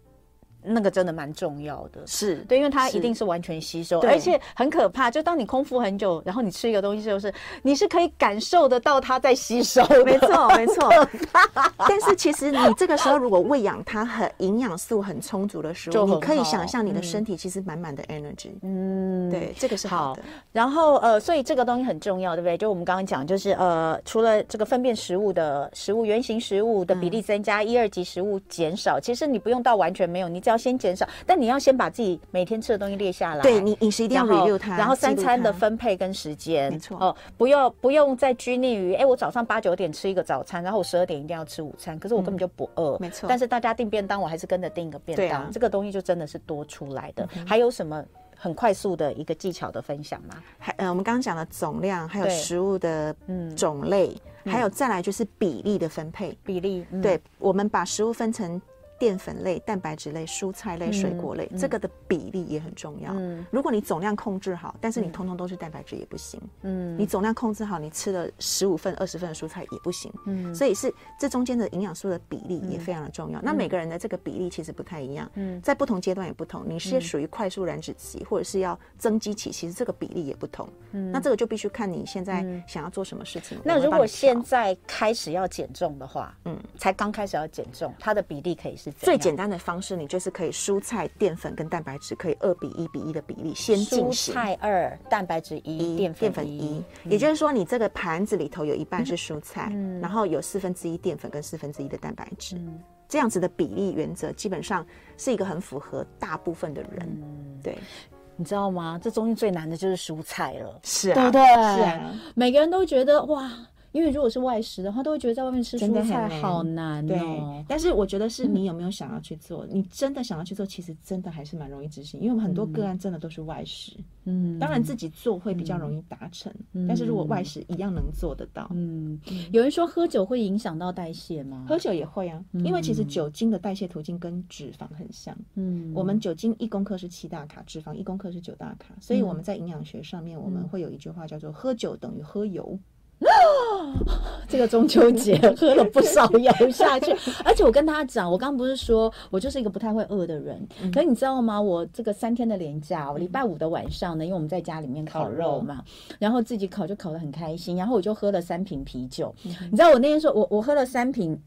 那個真的蠻重要的，是對，因為它一定是完全吸收，是而且很可怕。就當你空腹很久，然後你吃一個東西，就是你是可以感受得到它在吸收的。沒錯，沒錯怕。但是其實你這個時候如果餵養它很營養素很充足的時候，就你可以想象你的身體其實滿滿的 energy。嗯，對，這個是好。好的然後呃，所以這個東西很重要，對不對？就我們剛剛講，就是呃，除了這個分辨食物的食物原型食物的比例增加，一、嗯、二級食物減少，其實你不用到完全沒有，你只要。要先減少，但你要先把自己每天吃的東西列下來。對，你飲食一定要 review 它，然後三餐的分配跟時間。沒錯哦、呃，不要不用再拘泥於，哎、欸，我早上八九點吃一個早餐，然後我十二點一定要吃午餐，可是我根本就不餓。嗯、沒錯。但是大家訂便當，我還是跟着訂一個便當，啊、這個東西就真的是多出來的。嗯、哼還有什麼很快速的一個技巧的分享嗎？還呃，我們剛剛講的總量，還有食物的嗯種類，嗯、還有再來就是比例的分配。比例，嗯、對，我們把食物分成澱粉類、蛋白質類、蔬菜類、水果類，這個的比例也很重要。嗯，如果你總量控制好，但是你通通都是蛋白質也不行。嗯，你總量控制好，你吃了十五份、二十份的蔬菜也不行。嗯，所以是這中間的營養素的比例也非常的重要。那每個人的這個比例其實不太一樣。嗯，在不同階段也不同。你是屬於快速燃脂期，或者是要增肌期，其實這個比例也不同。嗯，那這個就必須看你現在想要做什麼事情。那如果現在開始要減重的話，嗯，才剛開始要減重，它的比例可以是。最簡單的方式，你就是可以蔬菜、澱粉跟蛋白質，可以二比一比一的比例先進行，蔬菜二，蛋白質一，嗯，澱粉一。也就是說，你這個盤子裡頭有一半是蔬菜，嗯、然後有四分之一澱粉跟四分之一的蛋白質，嗯、這樣子的比例原則基本上是一個很符合大部分的人。嗯、對，你知道嗎？這中間最難的就是蔬菜了，是啊，對不對？是啊，每個人都覺得哇。因為如果是外食的話，都會覺得在外面吃蔬菜真的很難好難哦。對，但是我覺得是你有沒有想要去做？嗯，你真的想要去做，其實真的還是蠻容易執行。因為我們很多個案真的都是外食。嗯，當然自己做會比較容易達成。嗯，但是如果外食一樣能做得到。嗯，嗯，有人說喝酒會影響到代謝嗎？喝酒也會啊，因為其實酒精的代謝途徑跟脂肪很像。嗯，我們酒精一公克是七大卡，脂肪一公克是九大卡，所以我們在營養學上面我們會有一句話叫做“喝酒等於喝油”。這個中秋節喝了不少，壓不下去。 而且我跟他講，我剛不是說我就是一個不太會餓的人。嗯、可是你知道嗎？我這個三天的連假，我禮拜五的晚上呢，因為我們在家裡面烤肉嘛，烤肉然後自己烤就烤得很開心，然後我就喝了三瓶啤酒。嗯、你知道我那天說我我喝了三瓶。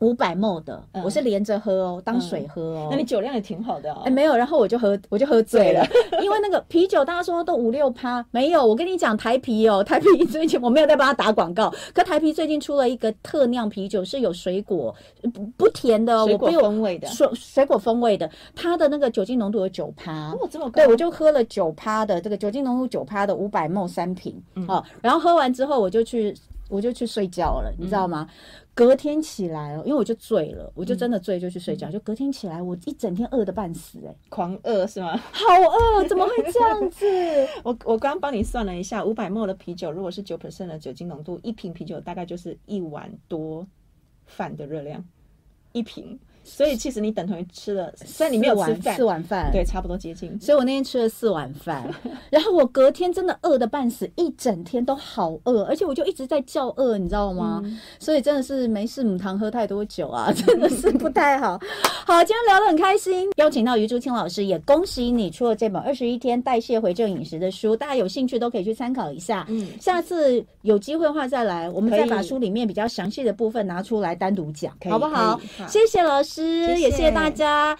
五百 ml 的，嗯、我是連着喝哦、喔，當水喝哦、喔嗯。那你酒量也挺好的哦、喔。哎、欸，沒有，然後我就喝，我就喝醉了，對了 因為那個啤酒，大家說都五六趴，沒有。我跟你講台啤哦、喔，台啤最近我沒有在幫他打廣告，可台啤最近出了一個特釀啤酒，是有水果，不不甜的哦、喔，水果風味的，水水果風味的，它的那個酒精濃度有九趴，哦，這麼高？對，我就喝了九趴的這個酒精濃度九趴的五百 ml 三瓶，哦、嗯喔，然後喝完之後我就去。我就去睡覺了，你知道嗎？嗯、隔天起來了，因為我就醉了，我就真的醉，就去睡覺。嗯、就隔天起來，我一整天餓得半死，欸，誒，狂餓是嗎？好餓，怎麼會這樣子？ 我我剛剛幫你算了一下，五百 ml 的啤酒，如果是九 percent 的酒精濃度，一瓶啤酒大概就是一碗多飯的熱量，一瓶。所以其實你等同於吃了，雖然你沒有吃四碗飯，對，差不多接近。所以我那天吃了四碗飯，然後我隔天真的餓得半死，一整天都好餓，而且我就一直在叫餓，你知道嗎？所以真的是沒事，母湯喝太多酒啊，真的是不太好。好，今天聊得很開心，邀請到余朱青老師，也恭喜你出了這本《二十一天代謝回正飲食》的書，大家有興趣都可以去參考一下。嗯，下次有機會的話再來，我們再把書裡面比較詳細的部分拿出來單獨講，好不好？謝謝老師。謝謝，也謝謝大家。